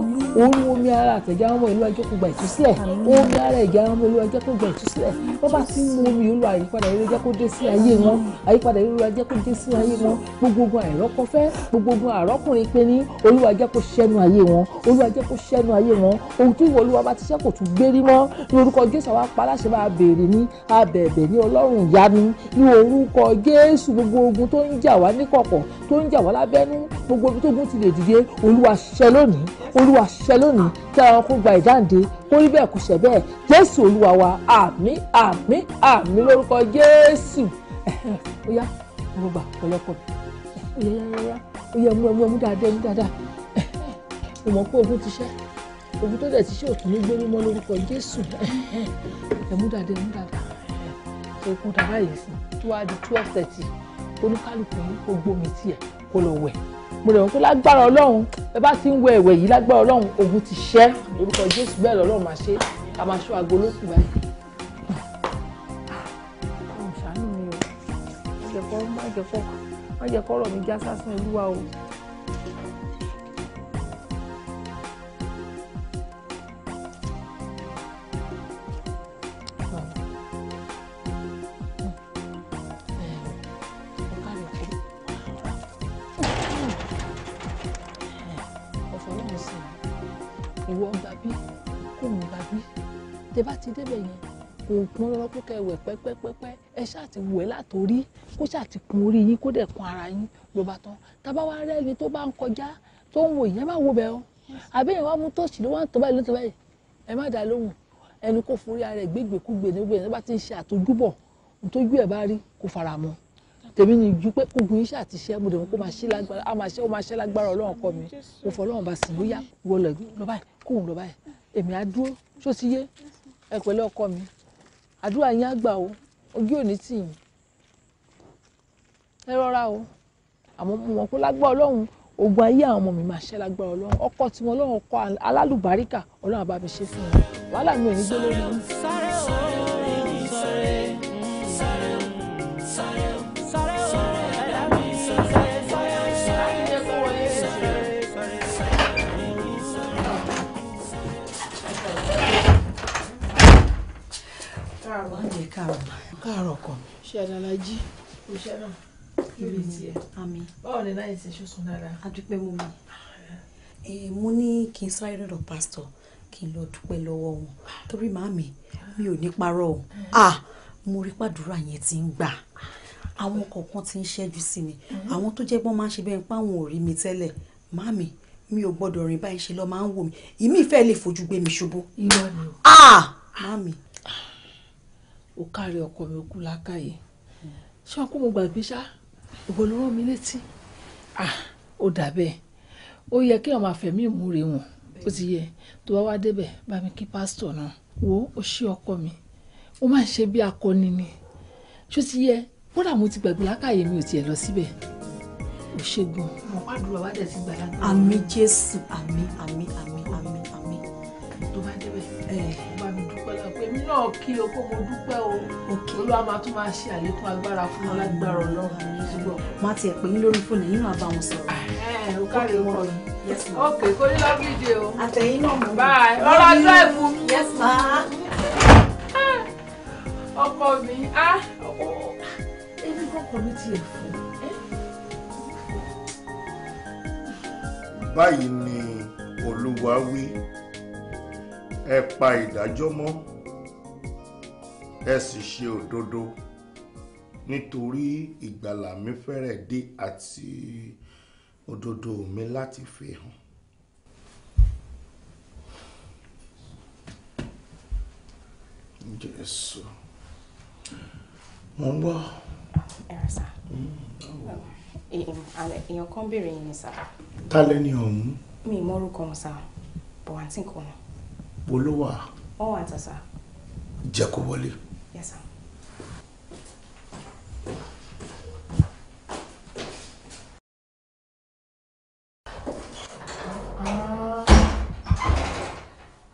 òun omi ara àtẹ̀jẹ̀ àwọn ọmọ ìlú ajé kò gba ìtúsílẹ̀ omi ara ẹ̀jẹ̀ àwọn ọmọ ìlú ajé kò gba ìtúsílẹ̀ wọ́n bá ti ń mu omi olúwa àyípadà ìlú ajé kò dé sí ayé wọn àyípadà ìlú ajé kò dé sí ayé wọn gbogbo àìrọ́kọfẹ́ gbogbo àrọ́kùnrin pé ní olúwa ajé kò ṣẹ́nu ayé ayé wọn olúwa jẹ́ kó ṣẹ́nu ayé wọn ohun tí ìwọ olúwa bá ti ṣẹ́ kò tún gbérí mọ́ ní orúkọ jésù àwa paláṣẹ bá a béèrè ní abẹ̀bẹ̀ ní ọlọ́run ìyanu ní orúkọ jésù gbogbo ogun tó ń jà wá níkọ̀kọ̀ tó ń jà wá lábẹ́nú gbogbo ibi tógun ti lè dìde olúwa ṣẹ́ lónìí olúwa ṣẹ́ lónìí kí ara wọn kó gba ìdáǹde kó rí bẹ́ẹ̀ kó ṣẹ bẹ́ẹ̀ jésù olúwa wa àmín àmín àmín lórúkọ jésù ó yá mo gbà pẹ̀lẹ́pọ̀ ó yẹ yá yá yá ó yẹ mú ẹmú ẹmú dáadáa ẹmú dáadáa mo mọ̀ pé ogun ti ṣẹ́ ogun tó dẹ̀ ti ṣe òtún ní gbórí mọ́ lórúkọ Jésù ẹ̀mú dáadáa ẹ̀mú dáadáa ẹ̀kú dáadáa yìí sí tó wá di twelve thirty oníkálùkù yìí kó gbómi tiẹ̀ kó lọ wẹ̀ mo lè wọ́n pé lágbára Ọlọ́run ẹ bá ti ń wẹ ẹ̀wẹ̀ yìí lágbára Ọlọ́run ogun ti ṣẹ́ lórúkọ Jésù bẹ́ẹ̀ lọ́lọ́run máa ṣe ká máa ṣọ́ agolo kù báyìí. ṣàánú mi ò má jẹ́ kọ́ má jẹ́ kọ́ ọ̀rọ̀ mi já sásán Olúwa o. débẹ̀ yẹn kò pọn lọ́rọ́ kó kẹ́ wẹ̀ pẹ́pẹ́pẹ́pẹ́ ẹ ṣáà ti wẹ̀ látòrí kó ṣáà ti kun orí yín kó dẹ̀ kun ara yín ló bá tán tábà wá rẹ́ni tó bá ń kọjá tó ń wo ìyẹn má wo bẹ́ẹ̀ o àbí ìyẹn wá mú tòṣì ló wá ń tó báyìí ló tó báyìí ẹ má dá lóhùn ẹnu kó forí ara ẹ gbégbèkúgbè nígbè tó bá ti ń ṣe àtojúbọ̀ nítorí ẹ bá rí kó fara mọ́ tèmi ni ju pé kógun iṣẹ́ àti iṣẹ́ mo dẹ̀mọ́ kó máa ṣe lágbára a máa ṣe ó máa ṣe lágbára ọlọ́run kọ mi mo fọ ọlọ́run bá sì lóyà wọlé lọ báyìí kóhùn lọ báyìí èmi á dúró ṣó yé ẹ pẹ̀lú ọkọ mi àdúrà yín á o ojú ò ní tì yín ẹ rọra o àmọ́ mo mọ̀ pé lágbára ọlọ́run ogun ayé àwọn ọmọ mi máa ṣẹ́ lágbára ọlọ́run ọkọ tiwọn ọlọ́run ọkọ alálùbáríkà ọlọ́run àbá fún wọn wàhálà mi ò ní gbé lórí. káàárọ̀ káàárọ̀ ọkọ mi. ṣé adalaji kò ṣe náà lórí tiẹ̀. àmì báwo ni láyé ṣe ṣoṣun dáadáa. a dúpẹ́ mú mi. Ah. mo ní kí n sáré lọ́dọ̀ pásítọ̀ kí n lọ dúpẹ́ lọ́wọ́ wọn torí màámi mi ò ní parọ́ o hmm. ah mo rí pàdúrà yẹn ti ń gbà àwọn kọ̀ọ̀kan ti ń ṣẹ́jú sí mi hmm. àwọn tó jẹ́ pọ́n máa ń ṣe bẹ́ẹ̀ pé àwọn ò rí mi tẹ́lẹ̀ màámi mi ò gbọ́dọ̀ rìn báyìí ṣe lọ máa ń wò mí ìmí ìfẹ́ lè fojú gbé mi ṣubú. irọ́ ni o. ah màámi ó kárí ọkọ mi ó kú lákàyè ṣé wọn kó mo gbàgbé ṣá ìwọ ló rán mi létí ah ó dà bẹ́ẹ̀ ó yẹ kí wọn máa fẹ̀mí ìmúre wọn ó ti yẹ tó bá wá débẹ̀ bá mi kí pásítọ̀ náà wo ó ṣí ọkọ mi ó máa ń ṣe bí akọni ni ṣó ti yẹ kódà mo ti gbàgbé lákàyè mi ò tiẹ̀ lọ síbẹ̀ ò ṣe gan mo pàdúrà wá dẹ̀ ti gbà lágbára. jésù àmín àmín àmín àmín àmín tó bá débẹ̀ náà kí o kó mo dúpẹ́ o olúwa máa tún máa ṣe àlékún agbára fún wọn lágbára ọlọ́run ṣùgbọ́n. má tiẹ̀ pè yín lórí fóònù yín náà bá wọn sọ̀rọ̀. ó kárí wọn o ok kó ní lágbèjì o. àtẹ̀yìn náà mọ̀ báyìí ọ̀rọ̀ ajá ìfún mi. yes ma. ọkọ mi á ebi kọkọ mi tiẹ̀ fún. báyìí ni olúwa wí ẹ pa ìdájọ́ mọ́ ẹ sì ṣe òdodo nítorí ìgbàlà mi fẹ́rẹ̀ dé àti òdodo mi láti fi hàn. Jésù mo ń gbọ́. ẹ̀rọ sá èèyàn kan béèrè yín ni sá. ta lẹni ọ̀hún. mi ì mọ orúkọ wọn sá bọ̀ àǹtí nǹkan ni. wo ló wà. wọ́n wà ń tà sá. jẹ́ kó wọlé. Yes, sir.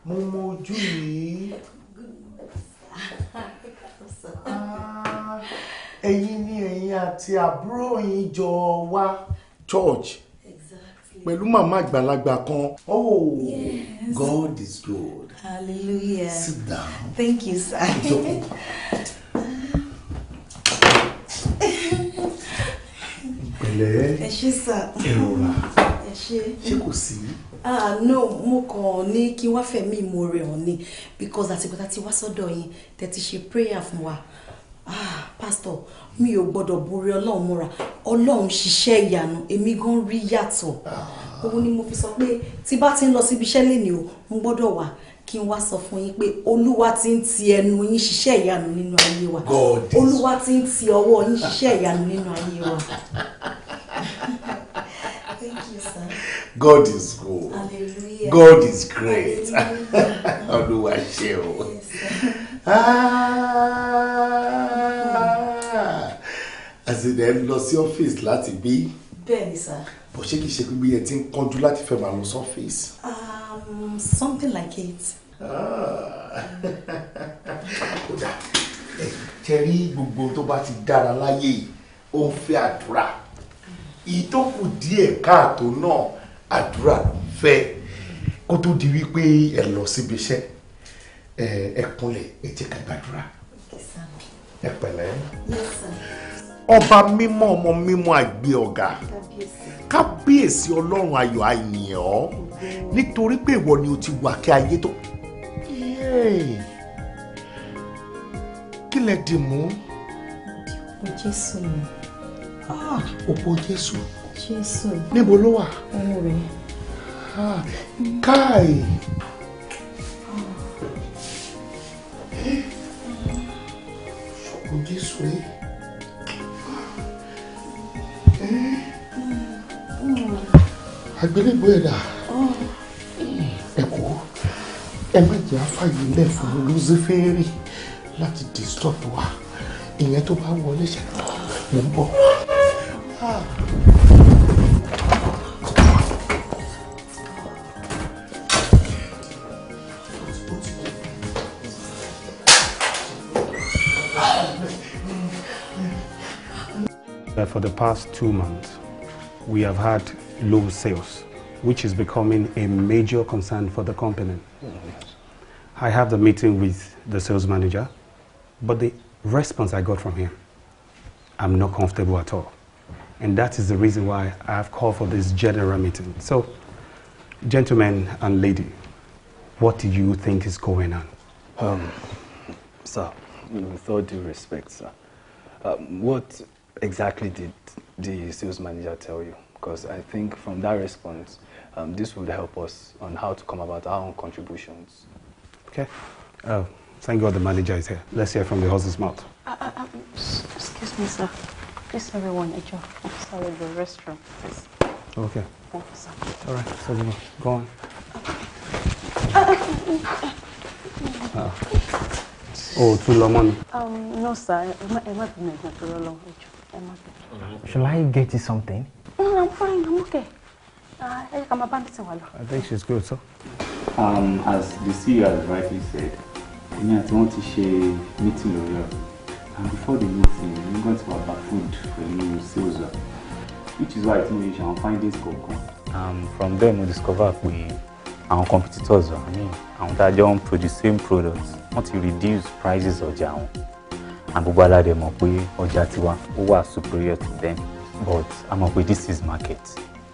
mo mọ ojú yìí ah, ẹ̀yin ni ẹ̀yin àti àbúrò yín jọ wá church pẹ̀lú màmá àgbàlagbà kan. oh yes. God is good. hallelujah sit down. thank you sir. pẹ̀lẹ́ ẹ ṣé sà ẹ rọra ẹ ṣé ṣé kò sí. ah no mo kàn ní kí wá fẹ̀mí ìmoore hàn because àtìgbà tá a ti wá sọ́dọ̀ yín tẹ́ ti ṣe prayer fún wa. Ah, pastor mi ò gbọ́dọ̀ borí ọlọ́run múra ọlọ́run ṣiṣẹ́ ìyanu èmi gan rí yàtọ̀ ah. òun ni mo fi sọ pé tí bá ti ń lọ síbi iṣẹ́ lénìí o mo gbọ́dọ̀ wà kí n wá sọ fún yín pé olúwa ti ń ti ẹnu yín ṣiṣẹ́ ìyanu nínú ayé wa olúwa ti ń ti ọwọ́ yín ṣiṣẹ́ ìyanu nínú ayé wa. Thank you, sir. God is good. Hallelujah. God is great. Olúwa ṣe o. Yes, àṣìlẹ̀ ah. ń lọ sí ọ́fíìsì láti bí. bẹ́ẹ̀ni sá. bó ṣe kìí ṣe pé bí ẹ ti ń kánjú láti fẹ́ máa lọ sí ọ́fíìsì. Um, something like it. Ah. kódà ẹ jẹ rí gbogbo tó bá ti dára láyé yìí ó ń fẹ́ àdúrà ìtọ́kù díẹ̀ káàtó náà àdúrà ló kó tó di wípé ẹ lọ síbi iṣẹ́ ẹkúnlẹ̀ etí ká gbàdúrà ẹ pẹ̀lẹ́ ọba mímọ́ ọmọ mímọ́ àgbẹ̀ ọ̀gá kábíyèsí ọlọ́run ayọ̀ àyìn ọ́ nítorí pé ìwọ ni o ti wà kí ayé tó kí lẹ dì mú. òpó jésù ni. Ah, òpó jésù. jésù. níbo ló wà. ọ̀run rẹ̀. Ah, káì. yìí ṣògo Jésù yìí. agbélébó ẹ̀dá ẹ̀kọ́ ẹ má jẹ́ àfààyè lẹ̀ fún Lúsíférì láti disturb wa ìyẹn tó bá wọlé ṣe mo ń bọ̀. Ah. For the past two months, we have had low sales, which is becoming a major concern for the company. I have the meeting with the sales manager, but the response I got from him, I'm not comfortable at all. And that is the reason why I've called for this general meeting. So, gentlemen and lady, what do you think is going on? Um, sir, with all due respect, sir, um, what exactly did the sales manager tell you? Because I think from that response, um, this would help us on how to come about our own contributions. Okay. Oh, thank God the manager is here. Let's hear from the horse's mouth. Uh, uh, um, excuse me, sir. Please, everyone, at your sorry, the restroom. Please. Okay. All right, so go on. Uh, oh, too long. Um, no, sir. It might, it might be my natural language. Shall I get you something? No, I'm fine. I'm okay. Uh, I think she's good, so. Um, as the CEO has rightly said, we àti wọn ti meeting lórí and before the meeting we got to about food pẹ̀lú sales rep which is why I tinubu ṣe àwọn findings kọ̀ọ̀kan. and um, from there we discover we àwọn competitors i mean àwọn tá a jọ ń same products wọ́n ti reduce prices ọjà wọn àgbogbo aládé mọ̀ pé ọjà tiwa ó wà superior to them but a mọ̀ pé this is market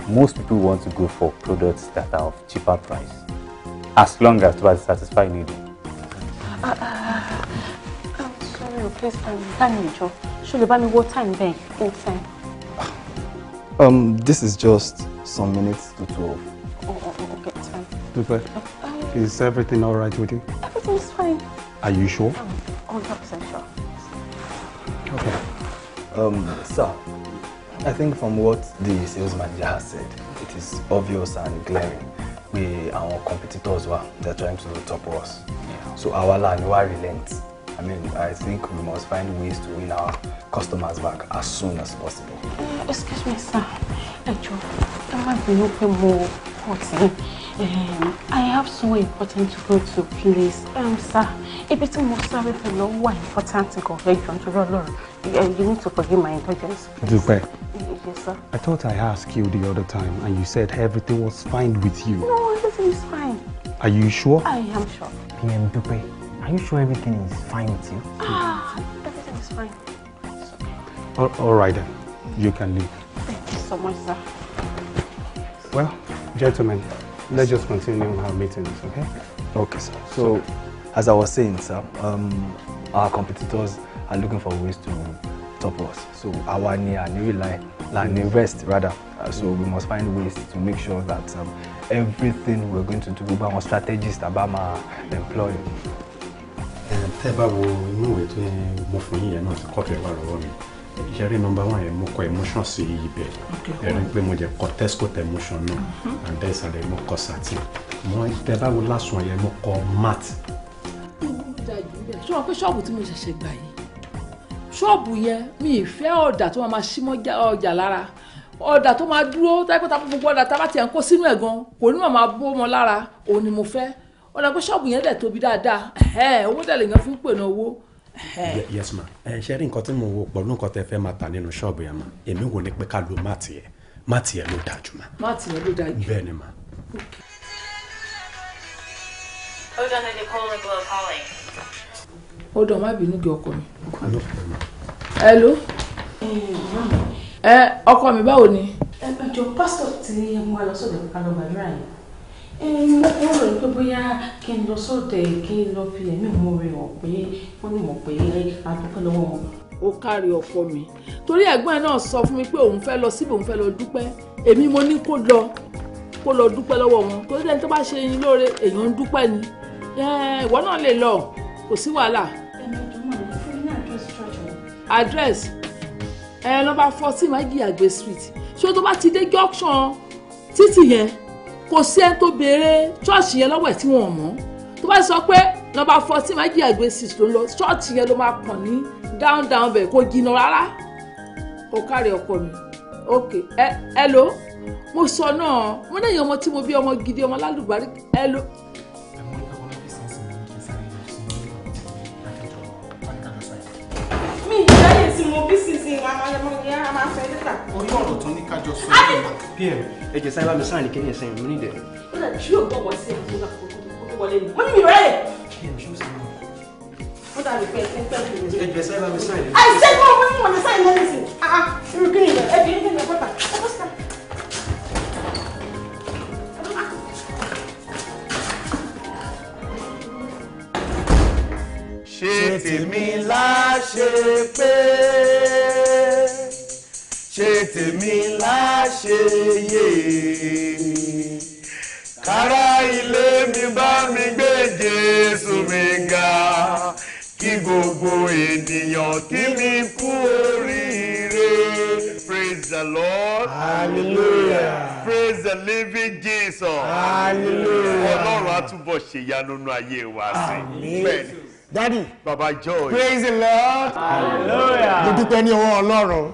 most people want to go for products that are of cheaper price as long as ah, ah, ah. I'm sorry, oh, please you um, buy me what time Um, this is just some minutes to twelve. Oh, oh, oh, okay, time. Dupe, is everything all with you? Everything's fine. Are you sure? Um, 100%. Um, sir, I think from what the sales manager has said, it is obvious and glaring We our competitors were they're trying to top us. So our land will relent. I mean, I think we must find ways to win our customers back as soon as possible. Uh, excuse me, sir. Ẹ jọ̀ọ́, ẹ má bínú pé mo pọ̀ um, I have so important to go to, please. Um, sir, ibi tí mo sáré for lọ wà important gan-an to nítorí Ọlọ́run. You need to forgive my intelligence, Dupe. Yes, sir. I thought I asked you the other time and you said everything was fine with you. No, everything is fine. Are you sure? I am sure. PM Dupe, are you sure everything is fine with you? Ah, everything is fine. okay. All, all right then. You can leave. Thank you so much, sir. Well, gentlemen, let's just continue our meetings, okay? Okay, sir. So, so as I was saying, sir, um, our competitors are looking for ways to top us. So our near new like, and invest rather. Uh, so we must find ways to make sure that um, everything we're going to do about our strategies about my employer. tẹ́ ẹ bá wo inú ìwé tó mú fún yín yẹn náà ti kọ́pì ẹ̀ wà lọ́wọ́ mi ìṣẹ́rí nọmba wọn yẹn mo kọ emotion sí ibẹ̀ ẹ̀rí pé mo jẹ kọ tescote emotion náà mm-hmm. and then ìsàlẹ̀ mo kọ satin mo tẹ́ ẹ bá wo last one yẹn mo kọ math. ṣé wọn pé ṣọ́ọ̀bù tí mo ṣẹ̀ṣẹ̀ gbà yìí ṣọ́ọ̀bù yẹn mi ì fẹ́ ọ̀dà tó máa ṣí mọ́ ọjà lára ọ̀dà tó máa dúró táìpẹ́ta fún gbogbo ọ̀dà tá a bá tiẹ̀ ń kó sínú ẹ̀ gan kò ní màmá bó mọ́ lára òun ni mo fẹ́ ọ̀dà pé ṣọ́ọ̀bù yẹn dẹ̀ tóbi dáadáa owó dẹ̀ lè yan fún pè náà owó. yes ma ẹ ṣe rí nǹkan tí mo wò pẹ̀lú nǹkan tẹ fẹ́ máa ta nínú ṣọ́ọ̀bù yẹn ma èmi wò ní pé ká lo máàtì yẹn máàtì yẹn ló dáa jù ma. máàtì yẹn ló dáa jù. bẹ́ẹ̀ ni ma. Hold ó dàn má bínú gé ọkọ mi. hello. ẹ eh, eh, ọkọ mi báwo ni. ẹ eh, jọ pásítọ̀ tí mo wá lọ sọ́dọ̀ ká lọ gbàdúrà yìí mo kọ́ rẹ̀ pé bóyá kí n lọ sọ́dẹ̀ kí n lọ fi ẹ̀mí mo rẹ̀ hàn pé wọ́n ní mọ̀ pé adúpẹ́ lọ́wọ́ wọn. ó kárí ọkọ mi torí ẹ̀gbọ́n náà sọ fún mi pé òun fẹ́ lọ síbi òun fẹ́ lọ dúpẹ́ èmi mo ní kó lọ kó lọ dúpẹ́ lọ́wọ́ wọn torí ẹni tó bá ṣe yín lóore èèyàn ń dúpẹ́ ni ìwọ náà lè lọ kò sí wàhálà address ẹ nọmba fourteen magi àgbẹ̀ street So tó bá ti dé junction títì yẹn kò sí ẹni tó béèrè ṣọ́ọ̀ṣì yẹn lọ́wọ́ ẹ̀ tí wọ́n mọ̀ tó bá sọ pé nọmba fourteen magi àgbẹ̀ street ló ń lọ ṣọ́ọ̀ṣì yẹn ló máa kàn ní down down bẹ̀ kò jìnnà rárá ó kárí ọkọ mi ok ẹ ẹ lo mo sọ náà mo náà yẹ ọmọ tí mo bí ọmọ gidi ọmọ lálùbárí ẹ lo. tí mo bí sí sí máa máa sọ ẹ́dẹ́ta. orí ọ̀rọ̀ tán ní kájọ sọ ọ́ pm ẹ jẹ sáyé bá mi sáàní kéyìn sẹ́yìn mo nídẹ̀ẹ́. ó dà tí yóò sí ẹ̀kọ́ nígbà kó tó wọlé ní mi rẹ̀. pm ṣó sì mọ̀. ó dà bí pé ẹ fẹ́ fún mi. ẹ jẹ sáyé bá mi sáàní. àìsẹ́ kí wọ́n fún mi ní sáyé lẹ́yìn sí. Ah, ah, irú kí ni ìgbà ẹ fi ń gbé mi ẹ bọ́ síta. ṣe tèmi láṣepé ṣe tèmi láṣeyè kárá ilé mi bá mi gbé Jésù mi ga kí gbogbo ènìyàn kí mi kú oríire praise the Lord hallelujah praise the living Jesus hallelujah Ọlọ́run á túbọ̀ ṣèyanu nínú ayé wa sí bẹ́ẹ̀ ni. Daddy. Baba Joy. Praise the Lord. Hallelujah. Mo dúpẹ́ ní ọwọ́ Ọlọ́run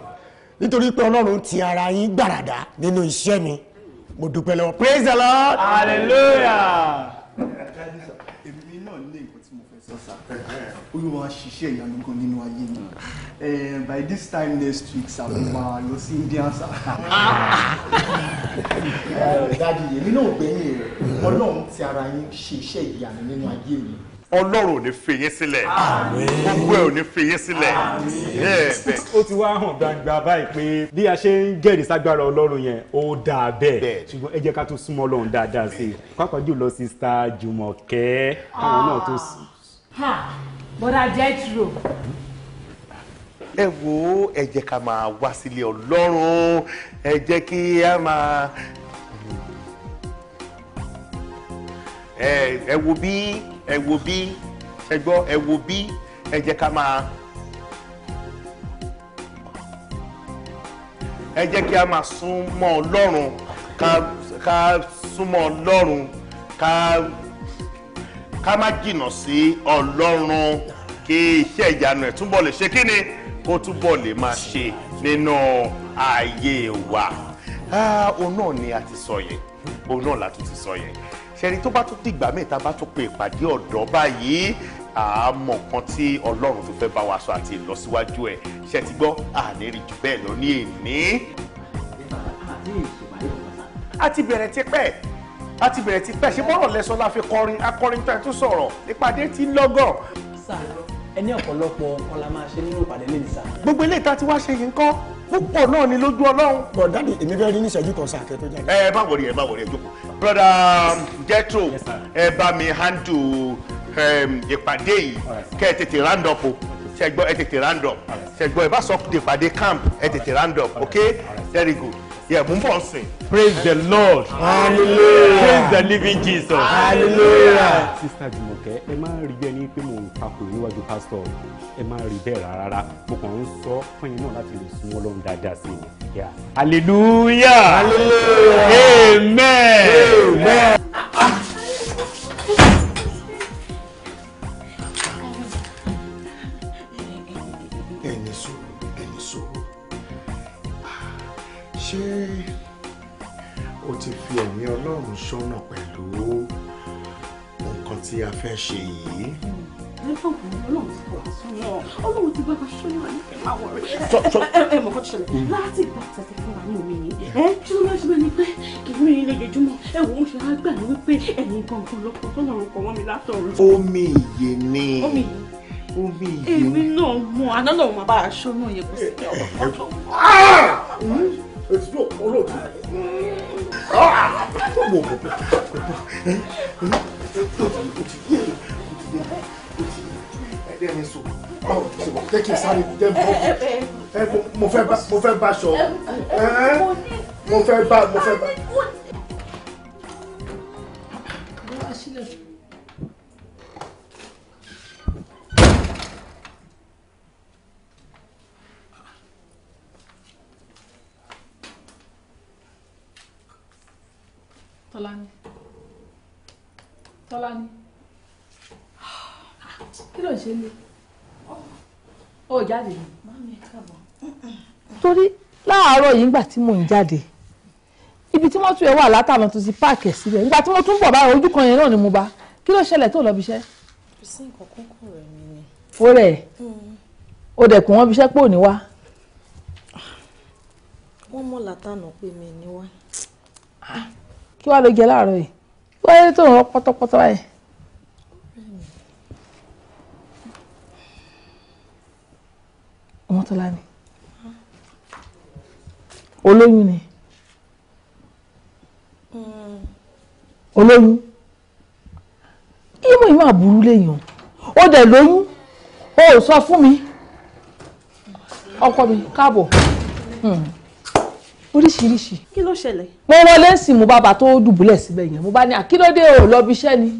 nítorí pé Ọlọ́run ti ara yín gbàràdà nínú iṣẹ́ mi. Mo dúpẹ́ lọ́wọ́. Praise the Lord. Hallelujah. Èmi náà ní nǹkan tí mo fẹ́ sọ sá. Olúwa ṣiṣẹ́ ìyanu gan nínú ayé mi. Eh, by this time next week, sá, mo máa lọ sí India sá. Dádì, èmi náà gbẹ̀yìn rẹ̀. Ọlọ́run ti ara yín ṣe iṣẹ́ ìyanu nínú mi ọlọ́run ò ní fi yín sílẹ̀ gbogbo ẹ̀ ò ní fi yín sílẹ̀ bẹ́ẹ̀. ó ti wá hàn gbangba báyìí pé bí a ṣe ń gẹ̀rì ságbára ọlọ́run yẹn ó dáa bẹ́ẹ̀ ṣùgbọ́n ẹ jẹ́ ká tún súnmọ́ ọlọ́run dáadáa sí i pàápàá jùlọ sista Jùmọ̀kẹ́ àwọn náà tó. bọ́dà Jethro ẹ wo ẹ jẹ́ ká máa wá sílé Ọlọ́run ẹ jẹ́ kí a máa ẹ wo bí ẹ wo bí ẹ gbọ́ ẹ wo bí ẹ jẹ́ ká máa ẹ jẹ́ kí a máa súnmọ́ Ọlọ́run ká súnmọ́ Ọlọ́run ká ká má jìnnà sí Ọlọ́run kí iṣẹ́ ìyanu ẹ̀ túbọ̀ lè ṣe kí ni kó túbọ̀ lè máa ṣe nínú ayé wa òun náà ni a ti sọ yẹn òun náà la tún ti sọ yẹn ṣẹ́ni tó bá tún dìgbà mẹ́ta bá tún pe ìpàdé ọ̀dọ́ báyìí àmọ̀ kan tí ọlọ́run tó fẹ́ bá wa sọ àti ìlọsíwájú ẹ̀ ṣe ti gbọ́ àníri jù bẹ́ẹ̀ lọ ní èní. a ti bẹ̀rẹ̀ tipẹ́ a ti bẹ̀rẹ̀ tipẹ́ ṣé bọ́rọ̀ lẹ́sọ la fi kọrin akọrin tá a tún sọ̀rọ̀ ìpàdé tí ń lọ́gọ̀. sáà ẹni ọ̀pọ̀lọpọ̀ nǹkan máa ṣe nínú ìpàdé lẹ́yìn sáà. gbogbo eléyìí tá ti wá ṣe yìí ń kọ́ púpọ̀ náà ni lójú ọlọ́run. bọ̀ dáàdi èmi fẹ́ rí ní ìṣẹ́jú kan sáà kẹ́tọ́ jáde. ẹ bá wọlé bá wọlé jókòó broda um, Jethro ẹ bá mi handle um, ìpàdé yìí kẹ́ ẹ tètè round up o ṣẹ́gbọ́ ẹ tètè round up ṣẹ́gbọ́ ẹ bá sọ ìpàdé camp ẹ tètè round up ok very good. Yeah, mú bọ̀ sìn. Praise the Lord. Hallelujah. Praise the living Jesus. Hallelujah. Sista Jumoke, ẹ máa rí bẹ́ẹ̀ ni pé mò ń takò níwájú pásítọ̀ ẹ máa rí bẹ́ẹ̀ rárá. Mo kàn ń sọ fún yín náà láti lè súnmọ́ Ọlọ́run dáadáa sí i. Hallelujah. Hallelujah. Amen. ẹ mọ̀ kọ́ ṣẹlẹ̀ mm. láti ìgbà tẹ̀tẹ̀ fún wa ní omi yìí ẹ tí wọ́n bá ṣe bẹ́ẹ̀ ni pé kì í rí ilé ojoojúmọ́ ẹ wò ó ṣe á gbà wípé ẹ̀yin gangan lọ́kọ̀ tó lọ́rùn kọ̀ mi látọ̀run. omi iye ni omi iye èmi náà mọ aná náà máa bá aṣọ náà yẹ kó sí ọkọ̀ tó wọ́n. fẹ́ bá mo fẹ́ bá sọ mo fẹ́ bá mo fẹ́ bá. Tọ́lání. Tọ́lání. Ah, kí ló ń ṣe ní? Ó jáde ni torí láàárọ̀ yìí ńgbà tí mò ń jáde ibi tí wọ́n tún ẹ wà látàná tó ti páàkì ẹ̀ síbẹ̀ nígbà tí wọ́n tún bọ̀ báyìí ojú kan yẹn náà ni mo bá kí ló ṣẹlẹ̀ tó lọ bí iṣẹ́. kò sí nǹkan kókó rẹ̀ mi ni. ó rẹ̀ ó hmm. dẹ̀ kún wọ́n bí iṣẹ́ pò ní wá. wọ́n mọ̀ látàná pé mi ní wá. kí wàá ló jẹ láàárọ̀ yìí wáyé tó ń pọ́tọ́pọ́tọ́ ẹ̀. ọmọ tó lá ni. olóyún ni olóyún ìmọ̀ ìmọ̀ àbúrú lèèyàn ó dẹ̀ lóyún ó sọ mi ọkọ mi káàbọ̀ hmm. oríṣiríṣi. kí ló ṣẹlẹ̀. mo wọlé sí mo bàbá tó dùbúlẹ̀ síbẹ̀ yẹn mo bá ní àkílódé ni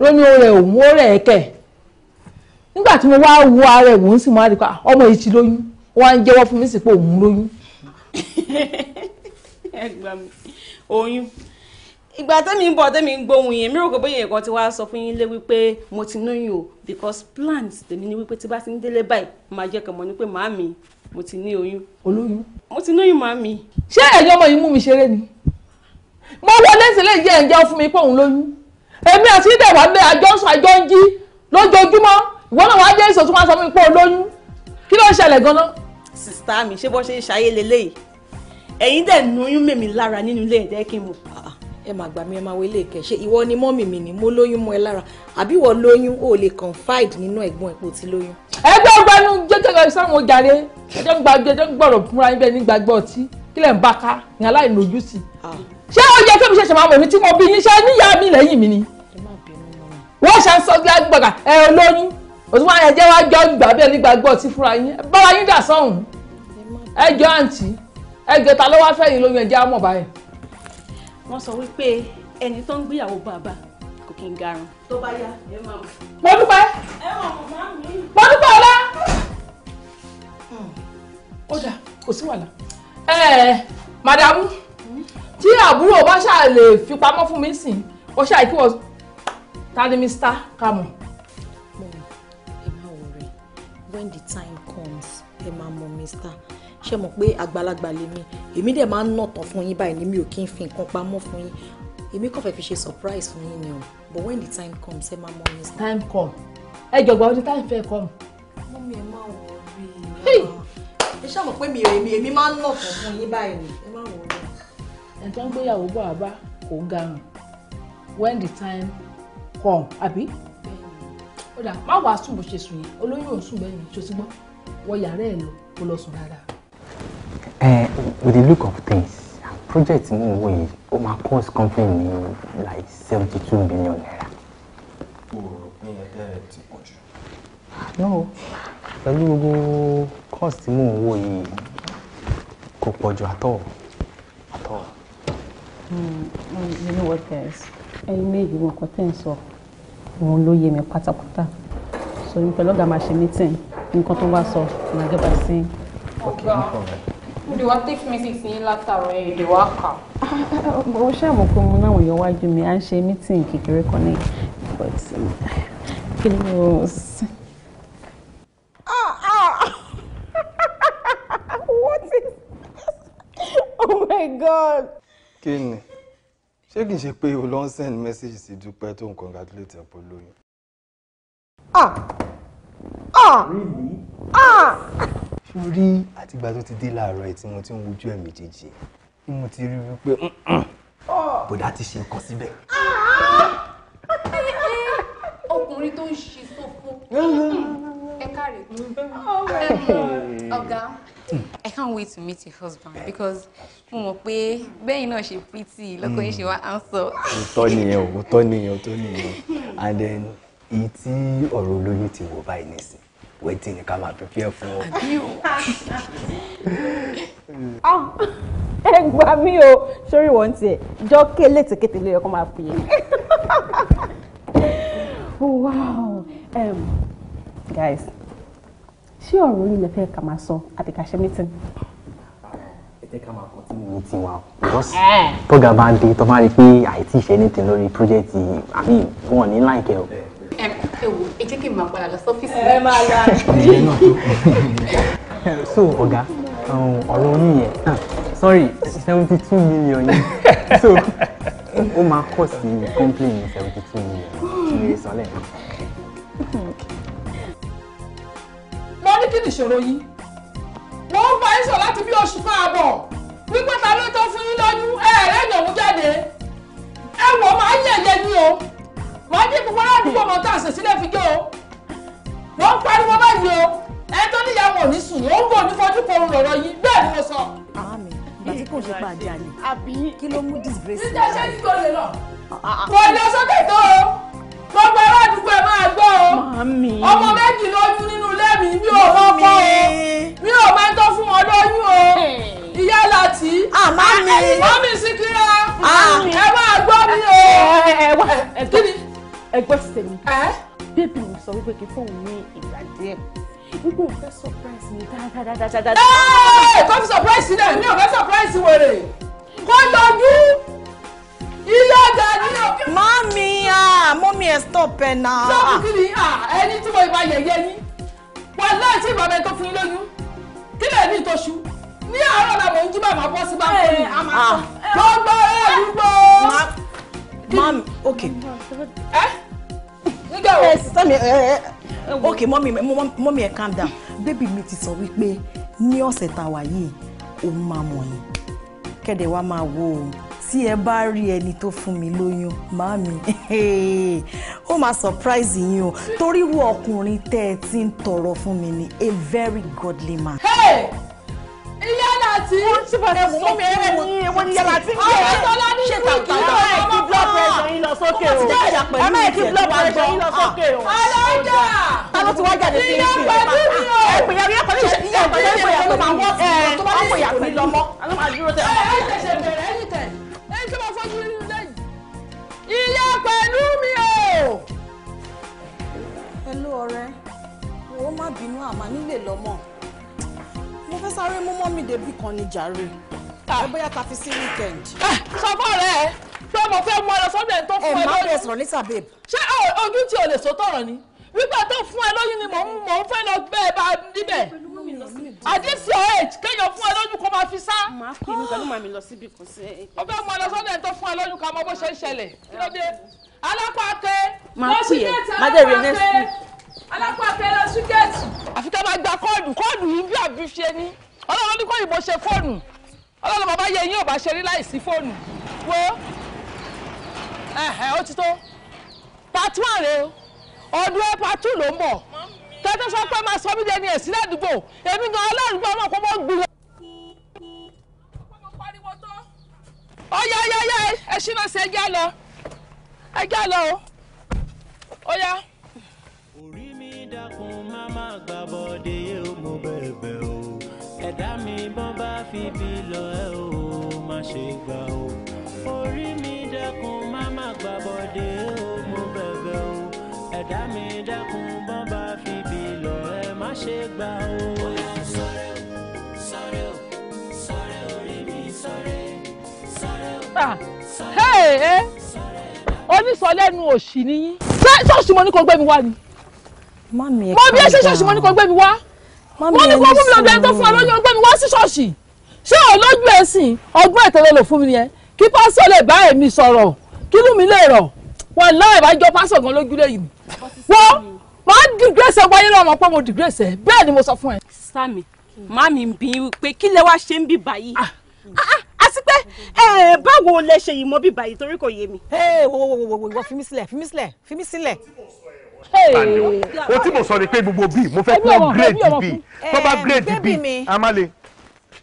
òun nígbà tí mo wá wo ara mo pa ọmọ yìí ti lóyún á ẹ gbà mí oyún ìgbà tẹ́mi ń bọ̀ tẹ́mi ń gbóhùn yẹn mi rò pé bóyá nǹkan ti wá sọ fún yín lé wípé mo ti lóyún o because plans tèmi ni wípé tí bá ti ń délé báyìí máa jẹ́ kàn mọ́ ni pé màámi mo ti ní oyún. olóyún. mo ti lóyún màámi. ṣé ẹ̀yin ọmọ yìí mú mi ṣeré ni mo wọlé sílé ìjẹ́ ẹ̀jẹ̀ fún mi pé òun lóyún èmi àti ìdẹ̀wà lé àjọ ń sọ àjọ ń jí lójoojúmọ́ ìwọ náà wàá jẹ́ ìṣòtún wá sọ fún mi pé olóyún kí ló ń ṣẹlẹ̀ gan-an. sista mi ṣé bó ṣe ń ṣayé leléyìí ẹ̀yin dẹ̀ nuyún mèmí lára nínú ilé ẹ̀dẹ́ kí n mọ̀. Ah, ah, ẹ máa gbà mí ẹ máa wo ilé ìkẹ́ ṣe ìwọ ni mọ́mì mi ni mo lóyún mọ́ ẹ lára àbí ìwọ lóyún o lè confide nínú ẹ̀gbọ́n ẹ̀pọ̀ tí lóyún. ẹ gbọ́ gbanú jẹ́jẹ́ sáwọn jàre ẹjọ́ ń gbàgbé ẹjọ́ ń gbọ̀rọ̀ fúnra yín bẹ́ẹ̀ ní gbàgbọ́ ọtí kílẹ̀ ń bá ká ní aláìlójú sí. Ah. ṣé ó yẹ kébí ṣẹ̀ṣẹ̀ máa mọ̀ mí tí mo bí yín ṣé níyà mi lẹ́yìn mi ni. wọ́n ṣe ń sọ gbàgbà ẹ olóyún òtún máa yẹn jẹ́ wá jọ gbà bẹ́ẹ̀ ní gbàgbọ́ ọtí fúnra yín bára yín dà sọ́hùn ẹ jọ àǹtí ẹgbẹ̀ta ló wá fẹ́yìn lóyún ẹjẹ́ àmọ̀ báyìí. wọ́n sọ wípé ẹni tó ń gbéyàwó bàbá kò kí n garun. tó bá yá ẹ máa mọ̀. mo dúpẹ́. ẹ máa mọ̀ máa mi. mo dúpẹ́ ọlá. ó dà kò sí wàhálà. ẹ ẹ màdàmú tí àbúrò bá ṣáà lè fi pamọ́ fún mi sìn ó ṣáà kí wọ́n ta ni Mr. Kamu. ẹ máa wọ̀rẹ̀ when the time comes ẹ máa mọ̀ Mr ṣe mọ̀ pé àgbàlagbà lèmi èmi dẹ̀ máa ń nàtàn fún yín báyìí ni mi ò kí ń fi nǹkan pamọ́ fún yín èmi kàn fẹ́ fi ṣe surprise fún yín ni o but when the time comes ẹ máa mọ mi. time come ẹ jọ̀gbọ́n ọdún time fẹ́ come. mú mi ẹ má wọ orí ẹ ṣe mọ̀ pé mi ò èmi èmi máa ń nàtàn fún yín báyìí ni ẹ má wọ orí. ẹ̀ ń gbéyàwó bọ̀ àbá kò garùn when the time come àbí ó dà má wàá sùn bó ṣe sùn yẹn olóyún ò sùn bẹ́ẹ̀ ni tó ti gbọ́ wọ yàrá ẹ̀ lọ kó lọ sùn dáadáa. Eh, with the look of things, project mi wo yìí, ó máa cost company ní like seventy two million naira. O rò pé ẹgbẹ́ ti pọ̀ jù. No, pẹ̀lú gbogbo cost mi wo yìí kò pọ̀ jù at all. At all. Hmm, um, you know what else? Ẹyin méjì wọn kọ tẹ́ ń sọ, òun ló yé mi pátápátá. So, pẹ̀lú ọ̀gá máa ṣe meeting, nǹkan tó wá sọ, màá gẹ́gbà sí. Okay, no problem mo dé wá text message yín látàrọ ẹ̀ èdè wá kà. mo ṣàmù pé mo náwọn èèyàn wájú mi à ń ṣe meeting kékeré kan ní but um, kí ni mo sì. Ah, ah! what is oh my god. kí ni ṣé kìí pay pé o send message to do better ń congratulate ẹ̀ pọ̀ lóyún. ah ah ah. Really? ah orí àtìgbà tó ti dé láàárọ̀ ẹ̀ tí mo ti ń wojú ẹ̀ méjèèjì ni mo ti rí wípé bòdá ti ṣe nǹkan síbẹ̀. ọkùnrin tó ń ṣe sófo ẹ káre ọ̀gá I can't wait to meet your husband because mo mọ̀ pé bẹ́yìn náà ṣe pretty lọ́kọ̀ yín ṣe wá answer. òótọ́ nìyẹn òótọ́ nìyẹn òótọ́ nìyẹn and then èyí tí ọ̀rọ̀ olóyún ti wọ̀ báyìí nísìn Waiting ni come máa prepare for you. Ah, gbà mí o sórí wọn tiẹ̀ jọ ké létekéte lóye kó máa pè oh, wow um, guys she ọ̀rọ̀ yìí lè fẹ́ ká máa sọ àti ká ṣe meeting jẹ́ ká máa continue meeting Wow, because tọ́gà bá dé tomorrow bá rí i pé àìtí ṣe anything lórí project àmì wọn in like o ẹ wo ẹ jẹ́ kí n máa padà lọ sọ́fíìsì. ẹ máa lọ àná. so ọ̀gá um, ọ̀rọ̀ oní yẹn ah, sorry seventy two million yẹn so ó máa kọ̀ sí complain seventy two million kí lè sọ lẹ́yìn. mo ní kí ni ìṣòro yìí mo ń bá iṣan láti bí oṣù máa bọ̀ wípé ta ló tó fún yín lóyún ẹ̀ẹ́dẹ́gbẹ̀rún jáde ẹ máa ń yẹ̀yẹ́ ni o wọ́n ní gbogbo aládùúgbò mọ́ tá a ṣe sílẹ̀ fi gé o wọ́n ń pariwo báyìí o ẹ tó níyàwó ní sùn ó ń wò ní fojú korun lọ́rọ̀ yìí bẹ́ẹ̀ ni mo sọ. mami ìgbà tí kò ṣe pa àjà ni kí ló mú disgrace. jíjẹ ṣé kí ló lè lọ. Ah, ah, ah. kò lọ sókè tó o gbogbo ará àdúgbò ẹ máa gbọ́ o ọmọ méjì lóyún nínú ilé mi mi ò mọ ọkọ o mi ò máa ń tọ́ fún wọn lóyún o ìyá láti mami Síkírà ẹ máa gbọ́ mi o ẹgbẹ́ sẹ̀mi bébì mi sọ wípé kí fóun ní ìgbà díẹ̀ wípé òun fẹ́ surprise mi dáadáadáadáa. ẹ kò fi surprise sílẹ̀ mi ò fẹ́ surprise wèrè kó lọ́jú ilé ọjà ni o. mami ah mọ́mí ẹ̀ stop ẹ̀ na. sọ́ọ̀bù kí ni ah, ẹni tí mo ìbá yẹ̀yẹ́ yín wà láti ìbámu ẹ̀ tó fún yín lóyún kí lè ní ìtọ́sù ní àárọ̀ làwọn ojú bá máa bọ́ sí bá ń kọ́ ni. gbogbo ẹ̀ dúpọ̀. Mami, okay. Ẹ́ eh? nígbà wo? Sami, ẹ ẹ ok ẹ calm down. Baby, mi ti sọ wípé ní ọ̀sẹ̀ tá a wà yìí, òun máa mọ̀ yín. Kẹ̀dẹ̀ wa máa wo òun. Tí ẹ bá rí ẹni tó fún mi lóyún, màmí, ó máa surprise yín o. Torí irú ọkùnrin tẹ́ ẹ ti ń tọrọ fún mi ni a very godly man. Hey! iye láti. wọ́n ti bẹ̀rẹ̀ wò ó mẹ́rẹ̀ ní ewo ni yàrá tí ń gbé ṣe tàǹtà ẹ̀ kí blood pressure yín lọ sókè o. ẹ má yẹ kí blood pressure yín lọ sókè o. alájà ta ló ti wá jáde sí ìṣe ìyá pẹ̀lú mi o. ẹ pè yàrá pẹ̀lú ìṣe ìyá pẹ̀lú ìṣe ìyá pẹ̀lú mi ẹ ọkọ̀ ìyá pẹ̀lú mi lọ́mọ. ìyá pẹ̀lú mi o. hello ọ̀rẹ́ wo má bínú àmà nílé lọ́mọ fẹ́ sáré mú mọ́mì débi kan ní jàre ah. ẹ bóyá ta fi sí weekend. Ah, sọ fún ọ̀rẹ́ ẹ pé mo fẹ́ mú ọ lọ sọ́dọ̀ ẹ̀ tó fún ẹ lóyún. ẹ má bẹ̀rẹ̀ sọ̀rọ̀ níta babe. ṣé ojú tí o lè sọ tọ̀rọ̀ ni wípé tó fún ẹ lóyún ni mò ń fẹ́ lọ gbé ẹ bá níbẹ̀ at this your age kéèyàn fún ẹ lóyún kó máa fi sá. màá kí mi pẹ̀lú màmí lọ síbi kan sí. ó fẹ́ mọ ọlọ́sọ́dọ̀ ẹ̀ tó fún ẹ lóyún ká mọ bó ṣe ń ṣẹlẹ̀ kí ló dé. alápàáké. máa pè é má dẹ̀ rí next week alápò àpẹẹrẹ ṣúgẹ́ẹ̀tì. àfi ká máa gba kóòdù kóòdù yìí bí àbí ṣe ní ọlọ́run ní kó ìbò ṣe fóònù ọlọ́run bàbá yẹ yín ò bá ṣe rí láìsí fóònù wo ẹ̀hẹ̀ ó ti tó pàtó àrè ọdún ẹ pàtó ló ń bọ̀ tẹ́tẹ́ sọ pé máa sọ mí lẹ́ni ẹ̀sìn ládùúgbò èmi gan ọlọ́run gbọ́ ọmọ kó mọ́ gbìyànjú. ọ̀yá ọ̀yá ọ̀yá ẹ̀ ṣínà sí ẹjẹ́ lọ ẹjẹ́ lọ ó yá dákun má má gbàbọ̀dé o mo bẹ̀bẹ̀ o ẹ̀dá mi bọ́n bá fi bí lọ ẹ o má ṣe gbà o orí mi dákun má má gbàbọ̀dé o mo bẹ̀bẹ̀ o ẹ̀dá mi dákun bọ́n bá fi bí lọ ẹ má ṣe gbà o. bóyá sọ̀rẹ́ o sọ̀rẹ́ o sọ̀rẹ́ orí ah, eh. nìyí. ṣé mo ní kó gbé wá ni mo bí ẹ ṣe ṣọ́ọ̀ṣì mo ní kó gbé mi wá wọ́n ní kó fún mi lọ́dọ̀ ẹni tó fún ọ lóyún gbé mi wá sí ṣọ́ọ̀ṣì ṣé ò lójú ẹ sìn ọgbọ́n ètò ló fún mi yẹn kí pásọ lè bá èmi sọ̀rọ̀ kí lùmí lè rọ̀ wọn láì bá jọ pásọ gan lójú lẹ́yìn wọ́n máa dìgbèsè wáyé náà mọ̀ pé mo dìgbèsè bẹ́ẹ̀ ni mo sọ fún ẹ. sami mami ń bí pé kí lẹ wá ṣe ń bí báyìí àti pé báwo lẹ ṣe yìí mọ bí báyìí torí kò yé mi. ẹ wo wo wo wo ìwọ fi mí sílẹ̀ fi mí sílẹ̀ fi mí sílẹ̀ o tí mo sọ ni pé gbogbo bíi mo fẹ́ kó grade bíi tó bá grade bíi a máa le.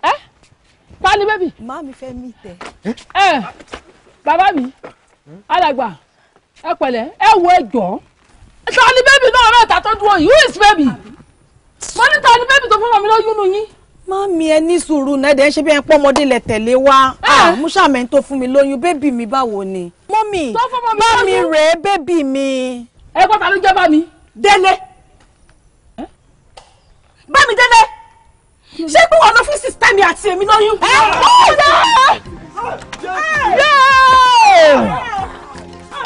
ẹ ta ni bébì. má mi fẹ́ mi tẹ. ẹ bàbá mi alàgbà ẹ pẹ̀lẹ́ ẹ wo ẹ jọ ta ni bébì náà tó dúró yìí who is bébì mo ní ta ni bébì tó fún mi lóyún nù yín. Mami ẹ ní sùúrù náà ẹ̀dẹ̀ ń ṣe bí ẹ ń pọ́ ọmọdé lẹ tẹ̀lé wá. Mú ṣàmì tó fún mi lóyún bébì mi báwo ni. Mọ́mì, bá mi rèé bébì mi ẹ gbọ́ ta ló jẹ́ bá mi. délé bá mi délé ṣé pé wọn lọ fún sísítà mi àti èmi lóyún. ẹ kúrò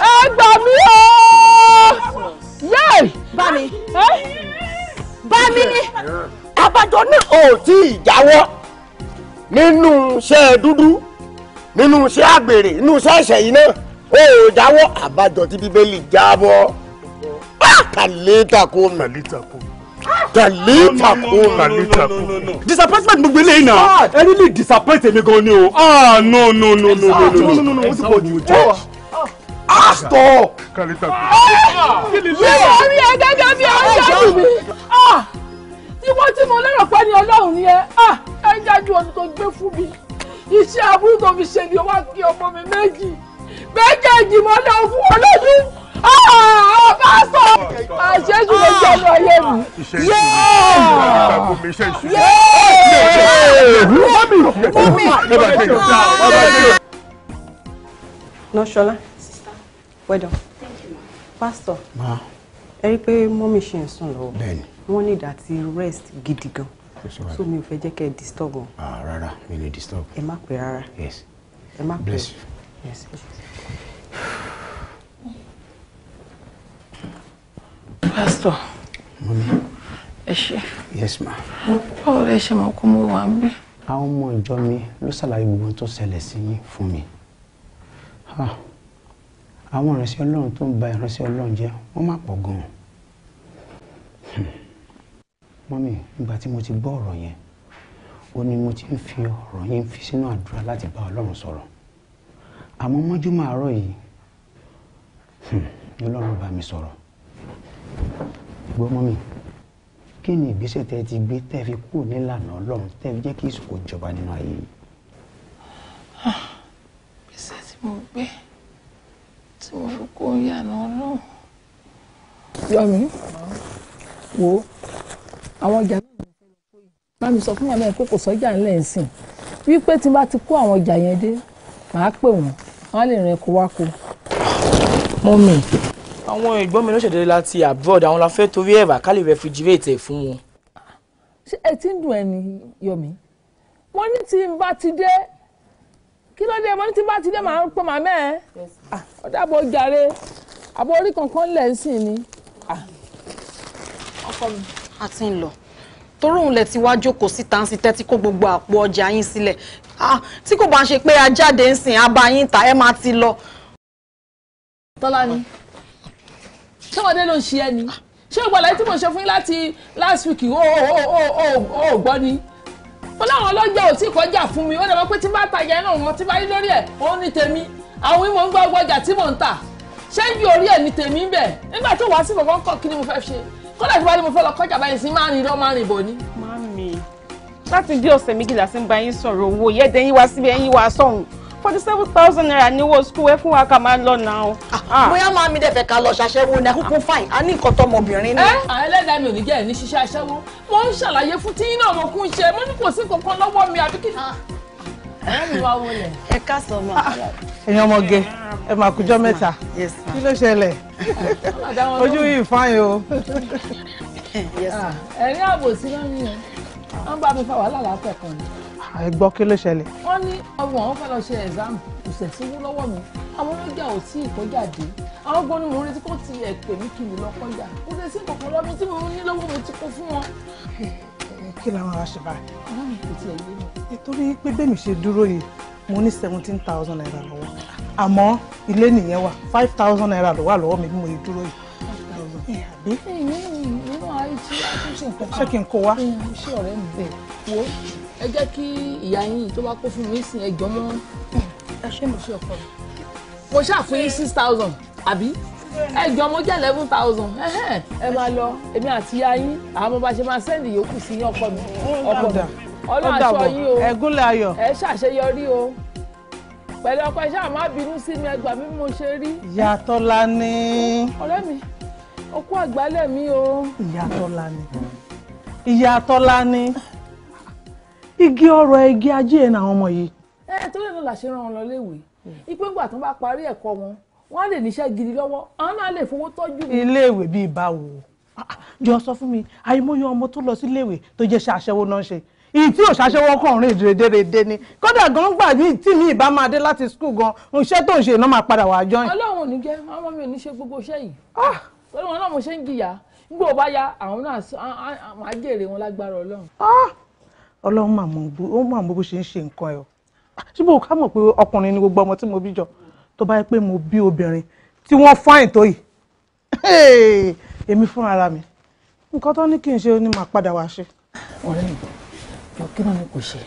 ẹ gbà mí o. bá mi bá mi ní. abájọ ní òòtí ìjáwọ́ nínú iṣẹ́ dúdú nínú iṣẹ́ àgbèrè nínú iṣẹ́ ìṣẹ̀yìn náà ó jáwọ́ àbájọ tí bíbélì jábọ́. Talita Coleman. Talita Coleman. Talita Coleman. Talita Coleman. Disappointment gbogbo eléyìí náà. Ẹ really disappoint èmi gan ni o. Ah no no no no no no no no no what's about you? Astor. Talita Coleman. Ṣé o rí ẹ gẹ́gẹ́ bí ọjọ́ mi? Tí wọ́n tí mo lérò pé ní Ọlọ́run ni ẹ, ẹ ń jájú ọdún tó gbé fún mi. Iṣẹ́ àbúrò tó fi ṣe ni ó wá kí ọmọ mi méjì. Méjèèjì mo lọ fún ọlọ́dún ọba sọ àṣejù ló jẹ́ ọmọ ayé mi. nọ́ṣọ́lá wẹ́dọ̀ pásítọ̀ ẹ rí i pé mọ́mí ṣe ń sùn lọ́wọ́ wọ́n ní ìdàtí rest gidi gan so mi ò fẹ́ jẹ́ kẹ́ ẹ disturb o. rárá mi ní disturb. ẹ má pè rárá. yes ẹ má pè. bless you. yes. yes. Pastor. Mọ́mí. Ẹ ṣe. Yes ma. Báwo lẹ ṣe mọ̀ kó mo wà ń bí? Àwọn ọmọ ìjọ mi ló ṣàlàyé gbogbo ohun tó ṣẹlẹ̀ sí yín fún mi. Àwọn ìránṣẹ́ Ọlọ́run tó ń ba ìránṣẹ́ Ọlọ́run jẹ́ wọ́n má pọ̀ gan-an. Mọ́mí, nígbà tí mo ti gbọ́ ọ̀rọ̀ yẹn, ó ní mo ti ń fi ọ̀rọ̀ yẹn fi sínú àdúrà láti bá Ọlọ́run sọ̀rọ̀. Àmọ́ mọ́júmọ́ àárọ̀ yìí, hmm, Ọlọ́run bá mi sọ̀rọ̀ gbọ́mọ́ mi kí ni ìgbésẹ̀ tẹ́ ti gbé tẹ́ fi kú nílànà ọlọ́run tẹ́ fi jẹ́ kí ìsìnkú jọba nínú ayé yìí. Ah, ìgbésẹ̀ tí mo gbé tí mo fi kú ìyànà ọlọ́run. yọmi wo àwọn ọjà náà ló fẹ́ lọ kó yìí bá mi sọ fún màmá ẹ pé kò sọ́jà ńlẹ̀ ń sìn wípé tí bá ti kó àwọn ọjà yẹn dé màá pè wọ́n wọ́n á lè rìn kó wá kó. mọ́mì àwọn ìgbọ́n mi ló ṣẹ̀dẹ̀ láti abroad àwọn la fẹ́ torí ẹ̀rà ká lè refrigerate ẹ̀ fún wọn. ṣé ẹ ti ń dùn ẹni Yọ̀mí mo ní tí n bá ti dé kí ló dé mo ní tí n bá ti dé màá pọ màmá ẹ ah, ọ̀dàbọ̀ jàre àbọ̀ orí kankan lẹ̀ ń sìn ni. Ah. ọkọ mi a ti ń lọ toróhùn lẹ ti wá jókòó síta ń sitẹ́ tí kó gbogbo àpò ọjà yín sílẹ̀ ah, tí kò bá ṣe pé ajáde ń sìn abá ta ẹ máa ti lọ. tọ́lá ni ṣé wọn dé ló ń ṣe ẹ ni ṣé ìgbàlẹ̀ tí mo ṣe fún yín láti last week ó ó gbọ́ ni mo láwọn ọlọ́jà ò tí kọjá fún mi ó dẹ̀ mọ́ pé tí bá tajà ẹ̀ náà wọn tí bá rí lórí ẹ̀ òun ni tèmi àwọn ìmọ̀ ń gbọ́ ọgbọ́jà tí mò ń tà ṣé ibi orí ẹ̀ ni tèmi ń bẹ̀ nígbà tó wàá sí kankan kọ́ kí ni mo fẹ́ ṣe kọ́lá ìfipá ni mo fẹ́ lọ kọjá báyìí sí márùn irọ́ márùn ìbò ni. mami láti bí ọ̀sẹ̀ méjìlá sí ń bá yín sọ̀rọ̀ owó yẹ́dẹ̀ yín wá síbi ẹ̀yìn wá sọ̀hún forty seven thousand naira ni owó skul ẹ fún wa ká máa lọ náà. Ah, ah. bóyá máa mi dẹ̀ fẹ́ ká lọ ṣàṣẹ́wó ní akókó fáìn a ní nǹkan tọmọbìnrin ni. Eh? Ah, ẹlẹ́dàá mi ò ní jẹ́ ẹ̀ ní ṣiṣẹ́ aṣẹ́wó mo ń ṣàlàyé fún tí iná ọmọ kún ṣe mo ní kò sí kankan lọ́wọ́ mi àbí kí ni. ẹ káàsán ma. èèyàn ọmọge ẹ máa kújọ mẹ́ta kí ló ṣẹlẹ̀ ojú yìí fáìn o. ẹ̀rín àbòsí lọ́yìn ẹ̀ wọ́n bá mi fa wàhálà ẹ gbọ́ kí ló ṣẹlẹ̀. wọ́n ní ọgbọ̀n àwọn fẹ́ẹ́ lọ ṣe exam kò sẹ̀ sí wú lọ́wọ́ mi àwọn ọlọ́jà ò tí ì kọjá dé àwọn gbọ́n ní mò ń retí kó ti ẹ̀ pè mí kí mi lọ kọjá kò sẹ̀ sí kòkòrò ọdún tí mo ní lọ́wọ́ mo ti kó fún wọn. kí làwọn ará ṣe báyìí. ọlọ́run kò tiẹ̀ yé mi. nítorí pé bẹ́ẹ̀ mi ṣe dúró yìí mo ní seventeen thousand naira lọ́wọ́ àmọ́ ilé nìyẹn wà five thousand naira ló wà lọ́wọ́ mi bí mo yìí dúró yìí àbí. ṣé kí n kó wa. ṣé ọ̀rẹ́ mi bẹ̀ wo ẹ jẹ́ kí ìyá yín tó bá kó fún mi sìn ẹjọ́ mọ́ ẹ ṣe mo ṣe ọkọ mo ṣàfihàn yín six thousand àbí ẹjọ́ mo jẹ́ eleven thousand ẹ máa lọ èmi àti ìyá yín àwọn ọmọ bá ṣe máa sẹ́ndì yòókù sí yín ọkọ mi ọkọ mi ọlọ́run aṣọ yín o ẹ̀gúnlẹ̀ ayọ̀ ẹ ṣàṣeyọrí o pẹ̀lú ọkọ iṣẹ́ má bínú sí mi ẹgbàá mi mo ṣe rí. Ìyá Tọ́lání. ọ̀rẹ́ mi okú àgbálẹ̀ mi o. Ìyá Tọ́lání. Ìyá Tọ́lání igi ọrọ̀ igi ajé ẹ̀ náà àwọn ọmọ yìí. ẹ torí náà la ṣe rán wọn lọ léèwé ipé ńgbà tó bá parí ẹ̀kọ́ wọn wọn á lè níṣẹ́ gidi lọ́wọ́ àwọn náà lè fowó tọ́jú mi. iléèwé bíi báwo ah, ah, jọ sọ fún mi àìmọye ọmọ tó lọ sí iléèwé tó jẹ́ ṣàṣẹ́wó náà ṣe ìyí tí òṣàṣẹ́wọ́ kàn rìn dèrèdèrèdè ni kódà gan gbà ní tí mi ìbá máa dé láti skul gan iṣẹ́ tó ń ṣe iná máa padà wàá jọyìn. ọlọ́run ò ní jẹ́ ọmọ mi ò ní ṣe gbogbo iṣẹ́ yìí ah! ọlọ́run náà ṣe ń jìyà nígbà ó bá ya àwọn náà máa jèrè wọn lágbára ọlọ́run ọlọ́run mà mọ̀ bó ó mà mọ̀ bó ṣe ń ṣe nǹkan ẹ̀ o ah, ṣé bó ká mọ̀ pé ọkùnrin ni gbogbo ọmọ tí mo bí jọ tó bá yẹ pé mo bí obìnrin tí wọ́n fáìn tó yìí èmi fún ara mi nǹkan tó ní kí n ṣe ni màá padà wá ṣe. ọ̀rẹ́ mi jọ kí náà ni kò ṣe.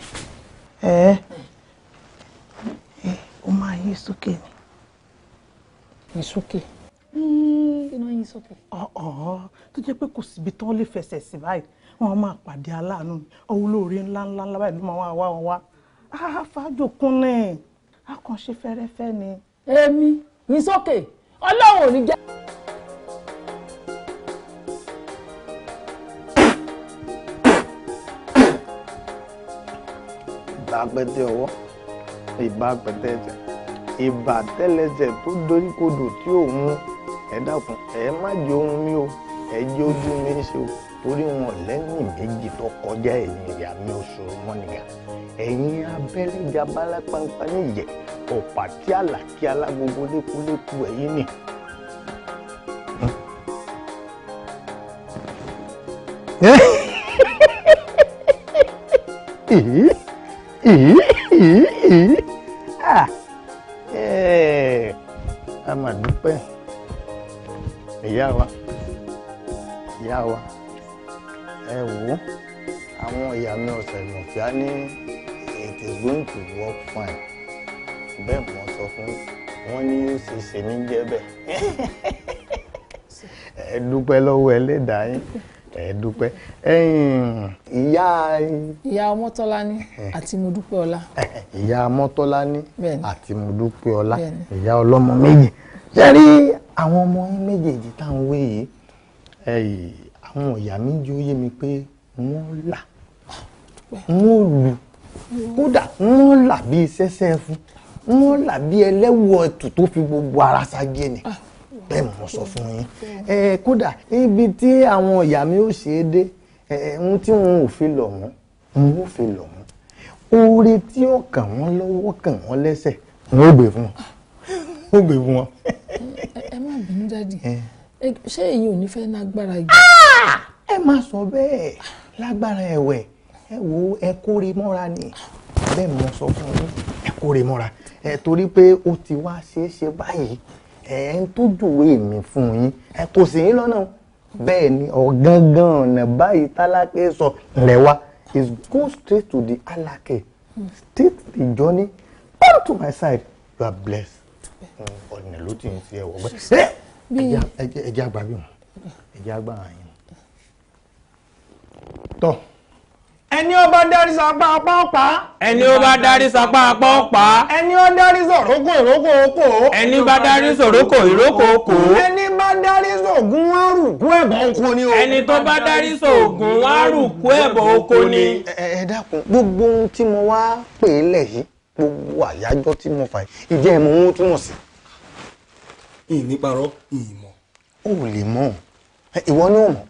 ẹ ẹ o máa yí sókè ni. yí sókè. Hmm. kí náà yí sókè. ọ̀ọ́ tó jẹ́ pé kò síbi tó lè fẹsẹ̀ sí báyìí wọn máa pàdé aláàánú ọwọ́ olóore ńlá ńlá ńlá báyìí ló máa wá wá wọn wá àfáàjò kún ní àkànṣe fẹ́rẹ́fẹ́ ni. èmi yìí sókè ọlọ́run ò ní jẹ́. ìbá ọwọ́ ìbá pẹtẹ ẹsẹ̀ ìbà tẹ́lẹsẹ̀ tó dorí kodò tí òun ẹ dákun má jẹ ohun mi o ẹ jẹ ojú mi ṣe o torí wọn lẹ́yìn méjì tó kọjá ẹ̀yìn ìyá mi oṣù mọ́nìyà ẹ̀yìn abẹ́rẹ́ jabalá pampa níyẹ ọ̀pá tí àlàkí alágbogbo lékúlékú ẹ̀yìn nì. Ah, eh, a mà dúpẹ́ wa ìyá wa ìyá mi ọ̀sẹ̀ mọ̀fíà ní it is going to work fine bẹ́ẹ̀ mo sọ fún wọn ní yóò ṣe ṣe ní jẹ́bẹ̀ ẹ dúpẹ́ lọ́wọ́ ẹlẹ́dàá yín ẹ dúpẹ́ ìyá. ìyá ọmọtọ́lání àti mọ́dúpẹ́ ọlá. ìyá ọmọtọ́lání àti mọ́dúpẹ́ ọlá ìyá ọlọ́mọ méjì ṣe rí àwọn ọmọ yín méjèèjì táwọn wé yìí àwọn ìyá mi jó yé mi pé wọ́n là wọ́n lù kódà wọ́n là bí sẹ́sẹ́ fún wọ́n là bí ẹlẹ́wọ̀ ẹ̀tù tó fi gbogbo ara ságé ni bẹ́ẹ̀ mo sọ fún yín kódà ibi tí àwọn ìyá mi ò ṣe é dé ohun tí wọn ò fi lọ̀ wọ́n wọn ò fi lọ̀ wọ́n oore tí ó kàn wọ́n lọ́wọ́ kàn wọ́n lẹ́sẹ̀ wọn ò gbé fún wọn wọn ò gbé fún wọn. ẹ má bínú dáàdì ṣé èyí ò ní fẹ́ lágbára yìí. Ah! ẹ má sọ bẹ́ẹ̀ lágbára ẹ̀wẹ̀ ẹ wo ẹ kórè mọ́ra ni bẹ́ẹ̀ mo sọ fún yín ẹ kórè mọ́ra ẹ torí pé ó ti wá ṣeé ṣe báyìí ẹ ń tójúwé mi fún yín ẹ kò sí yín lọ́nà bẹ́ẹ̀ ni ọ̀gángan ọ̀nà báyìí tálákè sọ lẹ́wà is go straight to the alake straight the journey come to my side you are blessed ọ̀nà ló ti ń fi ẹ̀wọ̀ gbẹ́ ẹ̀jẹ̀ àgbà bí wọn ẹ̀jẹ̀ àgbà àyìn tọ́ ẹni ó bá dárí sapá apá ọ̀pá. ẹni ó bá dárí sapá apá ọ̀pá. ẹni ó dárí sòrókò ìrókò okò. ẹni bá dárí sòrókò ìrókò okò. ẹni bá dárí sògùn wá rùkú ẹ̀bọ̀ oko ni o. ẹni tó bá dárí sògùn wá rùkú ẹ̀bọ̀ oko ni. ẹ dákun gbogbo ohun tí mo wá pè é lẹ̀ yìí gbogbo àyájọ́ tí mo fà yìí ìjẹ́ ìmọ̀ ohun túmọ̀ sí. ìníparọ́ ìmọ̀. o ò lè mọ̀ ìwọ ni ò mọ̀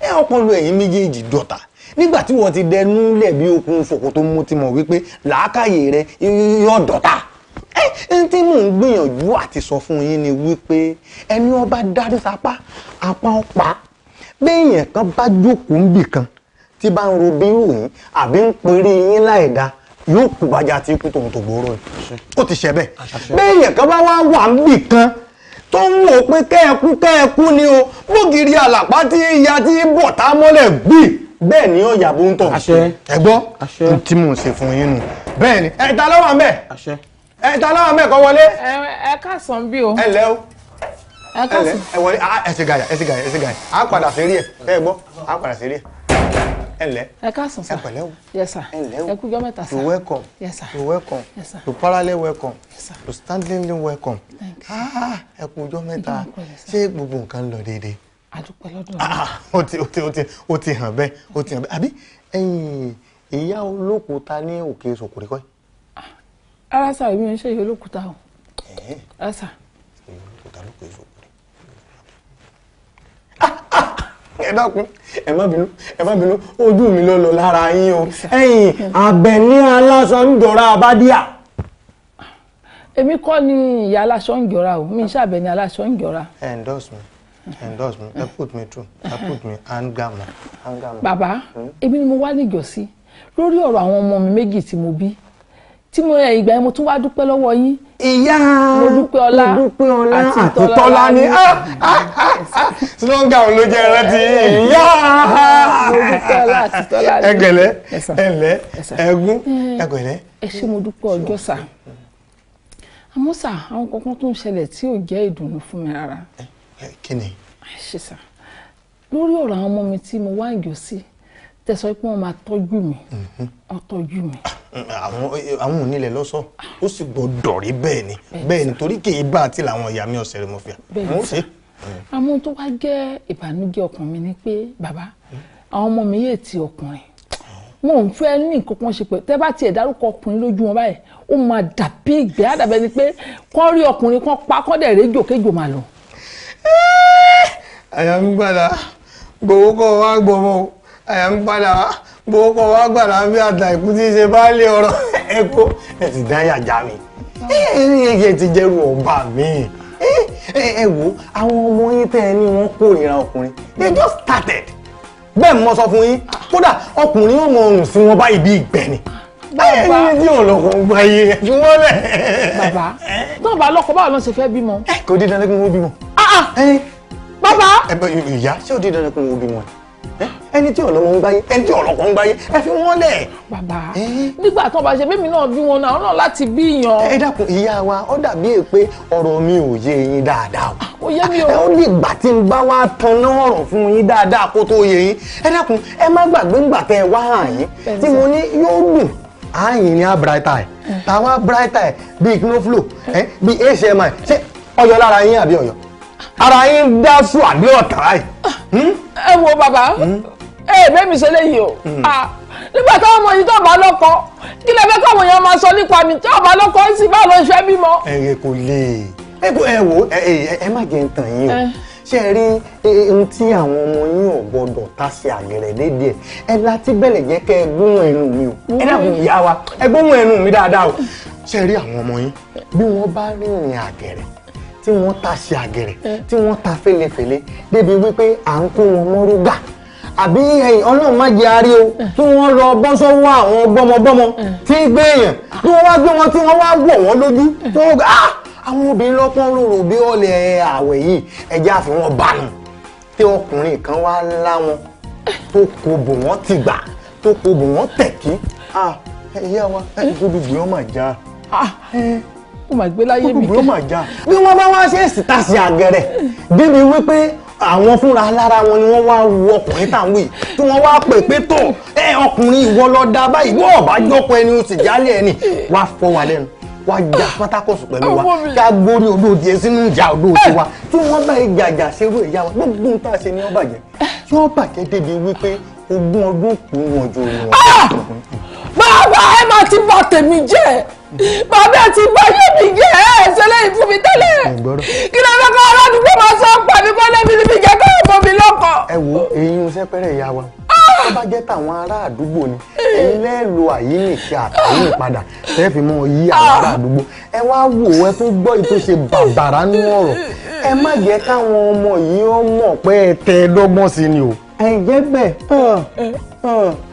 ẹ ọpọlọ ẹ̀yin méjèèjì dọ̀tà nígbà tí wọ́n ti dẹnu lẹ̀ bí okun fòkò tó mú ti mọ̀ wípé làákàyè rẹ yóò dọ̀tà ẹ tí mò ń gbìyànjú àti sọ fún yín ni wípé ẹni ọba dárí sapá apá ọ̀pá béèyàn kan bá jókòó ń bì kan tí bá ń ro bí ròyìn àbí ń pèrè yín láìda yóò kú bàjá tí kú tòun tó gbòòrò yìí ó ti ṣẹ bẹ́ẹ̀ kan bá wá wà ń bì kan tó ń wò pé kẹ́ẹ̀kú kẹ́ẹ̀kú ni o bógiri àlàpá tí ìyá tí bọ̀tá mọ́lẹ̀ gbìn bẹ́ẹ̀ ni yóò yàbò ń tọ̀ ẹ gbọ́ tí mò ń ṣe fún yín nù bẹ́ẹ̀ ni ẹ̀ta lọ́wọ́ ń bẹ̀ ẹ̀ta lọ́wọ́ ń kọ́ wọlé. ẹ káàsán bí o. ẹ lẹ́ o ẹ káàsán. ẹ wọlé ah, ẹ ṣe gàyà ẹ ṣe gàyà ẹ ṣe gàyà á padà sí rí ẹ ẹ gbọ́ á padà sí rí ẹ ẹnlẹ́ ẹ káàsán sá ẹ pẹ̀lẹ́ o yes sir ẹnlẹ́ o ẹ kújọ mẹ́ta sá you welcome yes sir you welcome yes sir you parallel welcome yes sir you standing ah, welcome ẹ kújọ mẹ́ta ṣé gbogbo nǹkan lọ déédéé àdúpẹ́ lọ́dọ̀ mi. Ah, ah, ó ti ó ti ó ti ó ti hàn bẹ́ẹ̀ ó ti hàn bẹ́ẹ̀ àbí ìyá olókùúta ní òkè sòkòrè kọ́ ah, ara sà èmi ń ṣe ìyá olókùúta o ara sà. ìyá olókùúta ló pè é sòkòrè. ẹ dákun ẹ má bínú ẹ má bínú ojú mi ló lọ lára yín o ẹ̀yin Àbẹ̀ní aláṣọ ń jọra Abádíà. èmi kọ́ ni ìyá aláṣọ ń jọra o mi ń ṣàbẹ̀ní aláṣọ ń jọra. endorse me endorse me they put me through they put me anger me anger me. bàbá hmm? èmi ni mo wá níjọ́sí lórí ọ̀rọ̀ àwọn ọmọ mi méjì tí mo bí tí mo rẹ eh, ìgbà yẹn mo tún wá dúpẹ́ lọ́wọ́ yín. ìyá mo dúpẹ́ ọlá àti tọ́lá ni ah, ah, ah, slonga ò ló jẹ́ rántí ìyá mo dúpẹ́ ọlá àti tọ́lá ni. ẹgẹlẹ ẹlẹ ẹgún eh, ẹgẹlẹ. ẹ ṣé mo dúpẹ́ ọjọ́ sà àmọ́ sà àwọn kankan tó ń ṣẹlẹ̀ tí ò jẹ́ ìdùnnú fún mi rárá. Eh? Eh, kí ni. ṣe sà lórí ọ̀rọ̀ àwọn ọmọ mi tí mo wá ìjọ sí tẹ sọ pé wọ́n máa tọ́jú mi mhm. wọ́n tọ́jú mi. Ah, eh, àwọn onílẹ̀ eh, lọ́sọ̀ ó sì gbọ́dọ̀ rí bẹ́ẹ̀ ni bẹ́ẹ̀ ni torí kì í bá àti làwọn ìyá mi ọ̀sẹ̀ rẹ̀ mo fi àwọn ṣe. àwọn tó wá jẹ́ ìbànújẹ́ ọkàn mi ni pé bàbá àwọn ọmọ mi yéè ti ọkùnrin wọn ò fẹ́ ní nǹkan kan ṣe pẹ̀ tẹ́ bá tiẹ̀ dárúkọ ọkùnrin lójú wọn báyìí ó máa dàbí ìgbẹ́ àdàbẹ́ni pé kán rí ọkùnrin kán pa kán dẹ̀ réjò kéjò máa lọ àyà ń gbàdá gbowó kọ́ wá gbọ́mọ àyà ń padà wá gbowó kọ́ wá gbàdá bí àtà ìkú tí ṣe bá lé ọ̀rọ̀ ẹ̀kọ́ ẹ̀ ti dá yàjá mi ẹ̀ ti jẹ́rù ọba mi ẹ wo àwọn ọmọ yín tẹ́ ẹ ní wọ́n kórìíra ọkùnrin they just started bẹ́ẹ̀ mo sọ fún yín kódà ọkùnrin yóò mọ ọrùn sí wọn báyìí bí ìgbẹ́ ni bàbá ẹni tí ọlọ́kọ gba iye ẹ̀ fún bàbá tó bá lọ́kọ báwo ló ṣe fẹ́ bímọ. kò dín dandan kí bímọ. Ah, ah. bàbá. ìyá ṣé ò di dandan kó wo bímọ ẹni tí ọlọ́mọ ń gbáyé ẹni tí ọlọ́kọ ń gbáyé ẹ fi wọ́n lẹ̀. bàbá nígbà tó bá ṣe bẹ́mi náà bí wọn náà láti bí yan. ẹ dákun ìyá wa ó dàbí ẹ pé ọ̀rọ̀ mi ò yé yín dáadáa o. Ah, ó yé mi o. ẹ ó lè gbà tí n bá wá tan náà ọ̀rọ̀ fún yín dáadáa kó tó yé yín ẹ dákun ẹ má gbàgbé ńgbà tẹ wá hàn yín tí mo ní yóò dùn ààyè ni a bright eye eh. tàwa bright eye bíi knoflo eh, bíi hmi ṣé ọyọ lára yín àbí ọyọ ara yín dá sùn àbí ọ̀tá yìí. Hmm? ẹ wo bàbá hmm? ẹ bẹ́ẹ̀ mi ṣe léyìí o hmm. ah, nígbà táwọn ọmọ yìí tó bá lọ́kọ kí lè fẹ́ káwọn èèyàn máa sọ nípa mi tí ọba lọ́kọ ń sì bá lọ ṣẹ́ bímọ. ẹ kò lè ẹ kò ẹ wò ẹ ẹ má jẹ́ ń tàn yín o ṣe rí ohun tí àwọn ọmọ yín ò gbọdọ̀ ta sí àgẹ̀rẹ̀ dédé ẹ láti bẹ̀lẹ̀ jẹ́ kẹ́ ẹ gbóhùn ẹnu mi o ẹ dàbí ìyá wa ẹ gbóhùn ẹnu mi dáadáa o ṣe rí àwọn ọmọ yín bí wọ́n bá rìnrìn àgẹ̀rẹ̀ tí wọ́n ta ṣe àgẹ̀rẹ̀ tí wọ́n ta fẹ́lẹ́fẹ́lẹ́ débi wípé à ń kó wọn mọ́rúgà àbí ẹ̀yìn ọlọ́run má jẹ́ arí o kí wọ́n lọ bọ́ sọ́wọ́ àwọn gbọ́mọgbọ́mọ tí ń gbé èèyàn kí wọ́n wá gbé wọn tí wọ́n wá wọ̀ wọ́n lójú tó gbà á àwọn obìnrin lọ́pọ́n rorò bí ọ̀lẹ̀ àwẹ̀ yìí ẹ̀jẹ̀ àfi wọn bànú tí ọkùnrin kan wá lá wọn tó kò bò wọ́n ti gbà tó kò bò wọ́n tẹ̀kí ah, ẹ̀yà wa ẹ̀ gbódùgbò wọn mà já. Ah, ó máa gbé láyé mi. kúkúrú máa já bí wọ́n bá wá ṣe èsì tàṣì àgẹ̀rẹ̀ débi wípé àwọn fúnra lára wọn ni wọ́n wá wo ọkùnrin táwọn yìí tí wọ́n wá pè pé tó ẹ ọkùnrin ìwọ lọ da báyìí wọ́n ọ̀bá jọ́kọ ẹni o sì jálẹ̀ ẹni wá fọ́ wa lẹ́nu wá já pátákọ̀sù pẹ̀lú wa kí a gbórí odò díẹ̀ sínú ìjà odò eh! tiwa tí wọ́n bá ìjàjà ṣerú ìyá wa gbogbo nǹkan àṣẹ ni wọ́n bàjẹ́ eh! tí wọ́n bàjẹ́ débi wípé ogún ọdún kù wọn ju ìwọ̀n. Ah! bàbá ẹ máa ti bà tèmi jẹ́ bàbá ẹ ti bà yé mi jẹ́ ẹ ṣẹlẹ̀ ìfún mi tẹ́lẹ̀ kí ló fẹ́ kọ́ aládùúgbò máa sọ pa mi kọ́ lẹ́mi níbi jẹ́ kọ́ ọmọ mi lọ́kọ. ẹ wo eyín sẹpẹrẹ ìyá wa ah! tó bá jẹ́ tàwọn ará àdúgbò ni ẹ̀yin lẹ́ẹ̀ lo àyíníkì àtàwọn ìpadà tẹ́ fi mọ́ yí àwọn ará ah! àdúgbò ẹ wá wò ẹ tún gbọ́ ìtòṣe bàbàrà nínú ọ̀rọ̀ ẹ má jẹ́ káwọn ọmọ yìí ó mọ̀ pé ẹ tẹ́ ẹ lọ́gbọ́n sí ni o àìjẹ́ bẹ́ẹ̀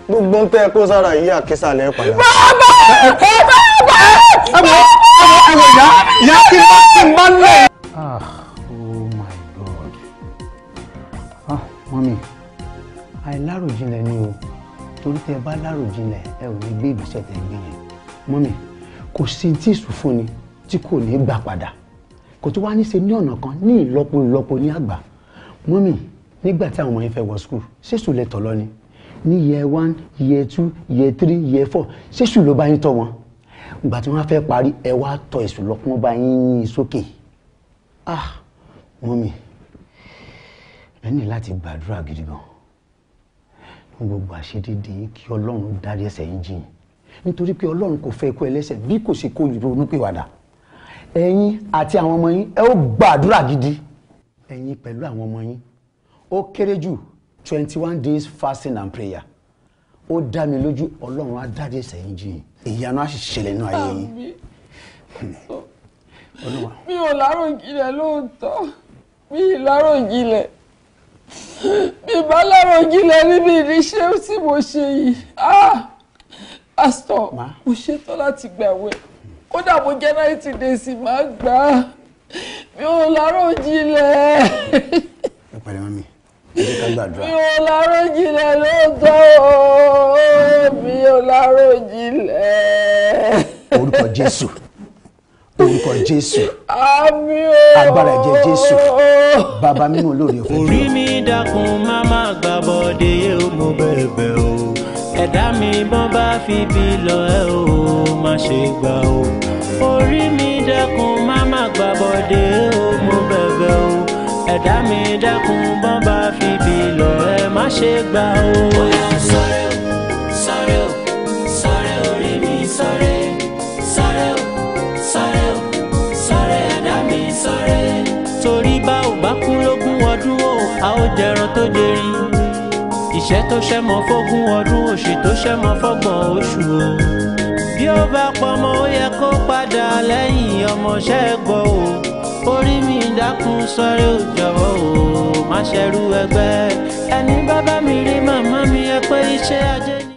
gbogbo ń tẹ́ kó sára yìí àkísàlẹ̀ padà. bàbá bàbá bàbá ẹ̀wọ̀ ìyá ìyá kí n bá kí n bá lẹ̀. ah oh my god ah mọ́mí àìláròjinlẹ̀ ni o torí tẹ́ ẹ bá láròjinlẹ̀ ẹ ò ní gbé ìgbésẹ̀ tẹ́ gbé yẹn mọ́mí kò sí tí ìsúnfúnni tí kò ní gbà padà kò tó wá ní ṣe ní ọ̀nà kan ní ìlọ́po ìlọ́po ní àgbà mọ́mí nígbà tí àwọn ọmọ yẹn fẹ́ wọ skul ṣéṣù lẹ tọ̀ lọ ni ní year one year two year three year four ṣéṣù ló bá yín tọ́ wọn ìgbà tí wọ́n fẹ́ parí ẹ wá tọ èṣù lọ kí wọ́n bá yín yín sókè ah mọ́mì ẹ ní láti gbàdúrà gidi gan ní gbogbo àṣedédé yín kí ọlọ́run dárí ẹ̀ṣẹ̀ yín jìn nítorí pé ọlọ́run kò fẹ́ ikú ẹlẹ́ṣẹ̀ bí kò ṣe kó ronúpìwàdà ẹ̀yin àti àwọn ọmọ yín ẹ ó gbàdúrà gidi ẹ̀yin pẹ̀lú àwọn ọmọ yín ó kéré jù twenty one days fasting and prayer ó dá mi lójú ọlọ́run á dáde sẹ́yìn jìn ìyanu á sì ayé yín. mi ò láròjinlẹ̀ lóòótọ́ mi ì láròjinlẹ̀ mi bá láròjinlẹ̀ níbi ìníṣẹ́ tí mo ṣe yìí ah! pásítọ̀ mo ṣetán láti gbàwẹ̀ kódà mo jẹ́ ninety days máa gbà mi ò láròjinlẹ̀. ẹ pẹ̀lẹ́ mi mi ò lárò jinlẹ̀ lóòótọ́ o mi ò lárò jinlẹ̀. orúkọ jésù orúkọ jésù agbára ẹ̀jẹ̀ jésù bàbá mímú lórí òfin. orí mi dákun máma gbàbọ̀dé o mo bẹ̀bẹ̀ o ẹ̀dá mi bọ́n bá fi bí lọ ẹ́ o má ṣe gbà o orí mi dákun máma gbàbọ̀dé o mo bẹ̀bẹ̀ o ẹ̀dá mi dákun bọ́n bá ṣe gbà o. bóyá sọ̀rẹ́ o sọ̀rẹ́ o sọ̀rẹ́ o rí mi sọ̀rẹ́ sọ̀rẹ́ o o sọ̀rẹ́ ẹ̀dá mi sọ̀rẹ́. torí bá ò bá kú lógún ọdún o a ó jẹran tó jẹrin ìṣẹ́ tó ṣẹ́mọ fógún ọdún òṣì tó ṣẹ́mọ fọ́gbọ̀n oṣù o. bí ó bá pọ̀ mọ́ ó yẹ kó padà lẹ́yìn ọmọ ṣẹ́gbọ́ o orí mi dákun sọ́rí ò jọ̀wọ́ o má ṣerú ẹgbẹ́ ẹni bàbá mi rí màmá mi ẹ pé iṣẹ́ ajé ni.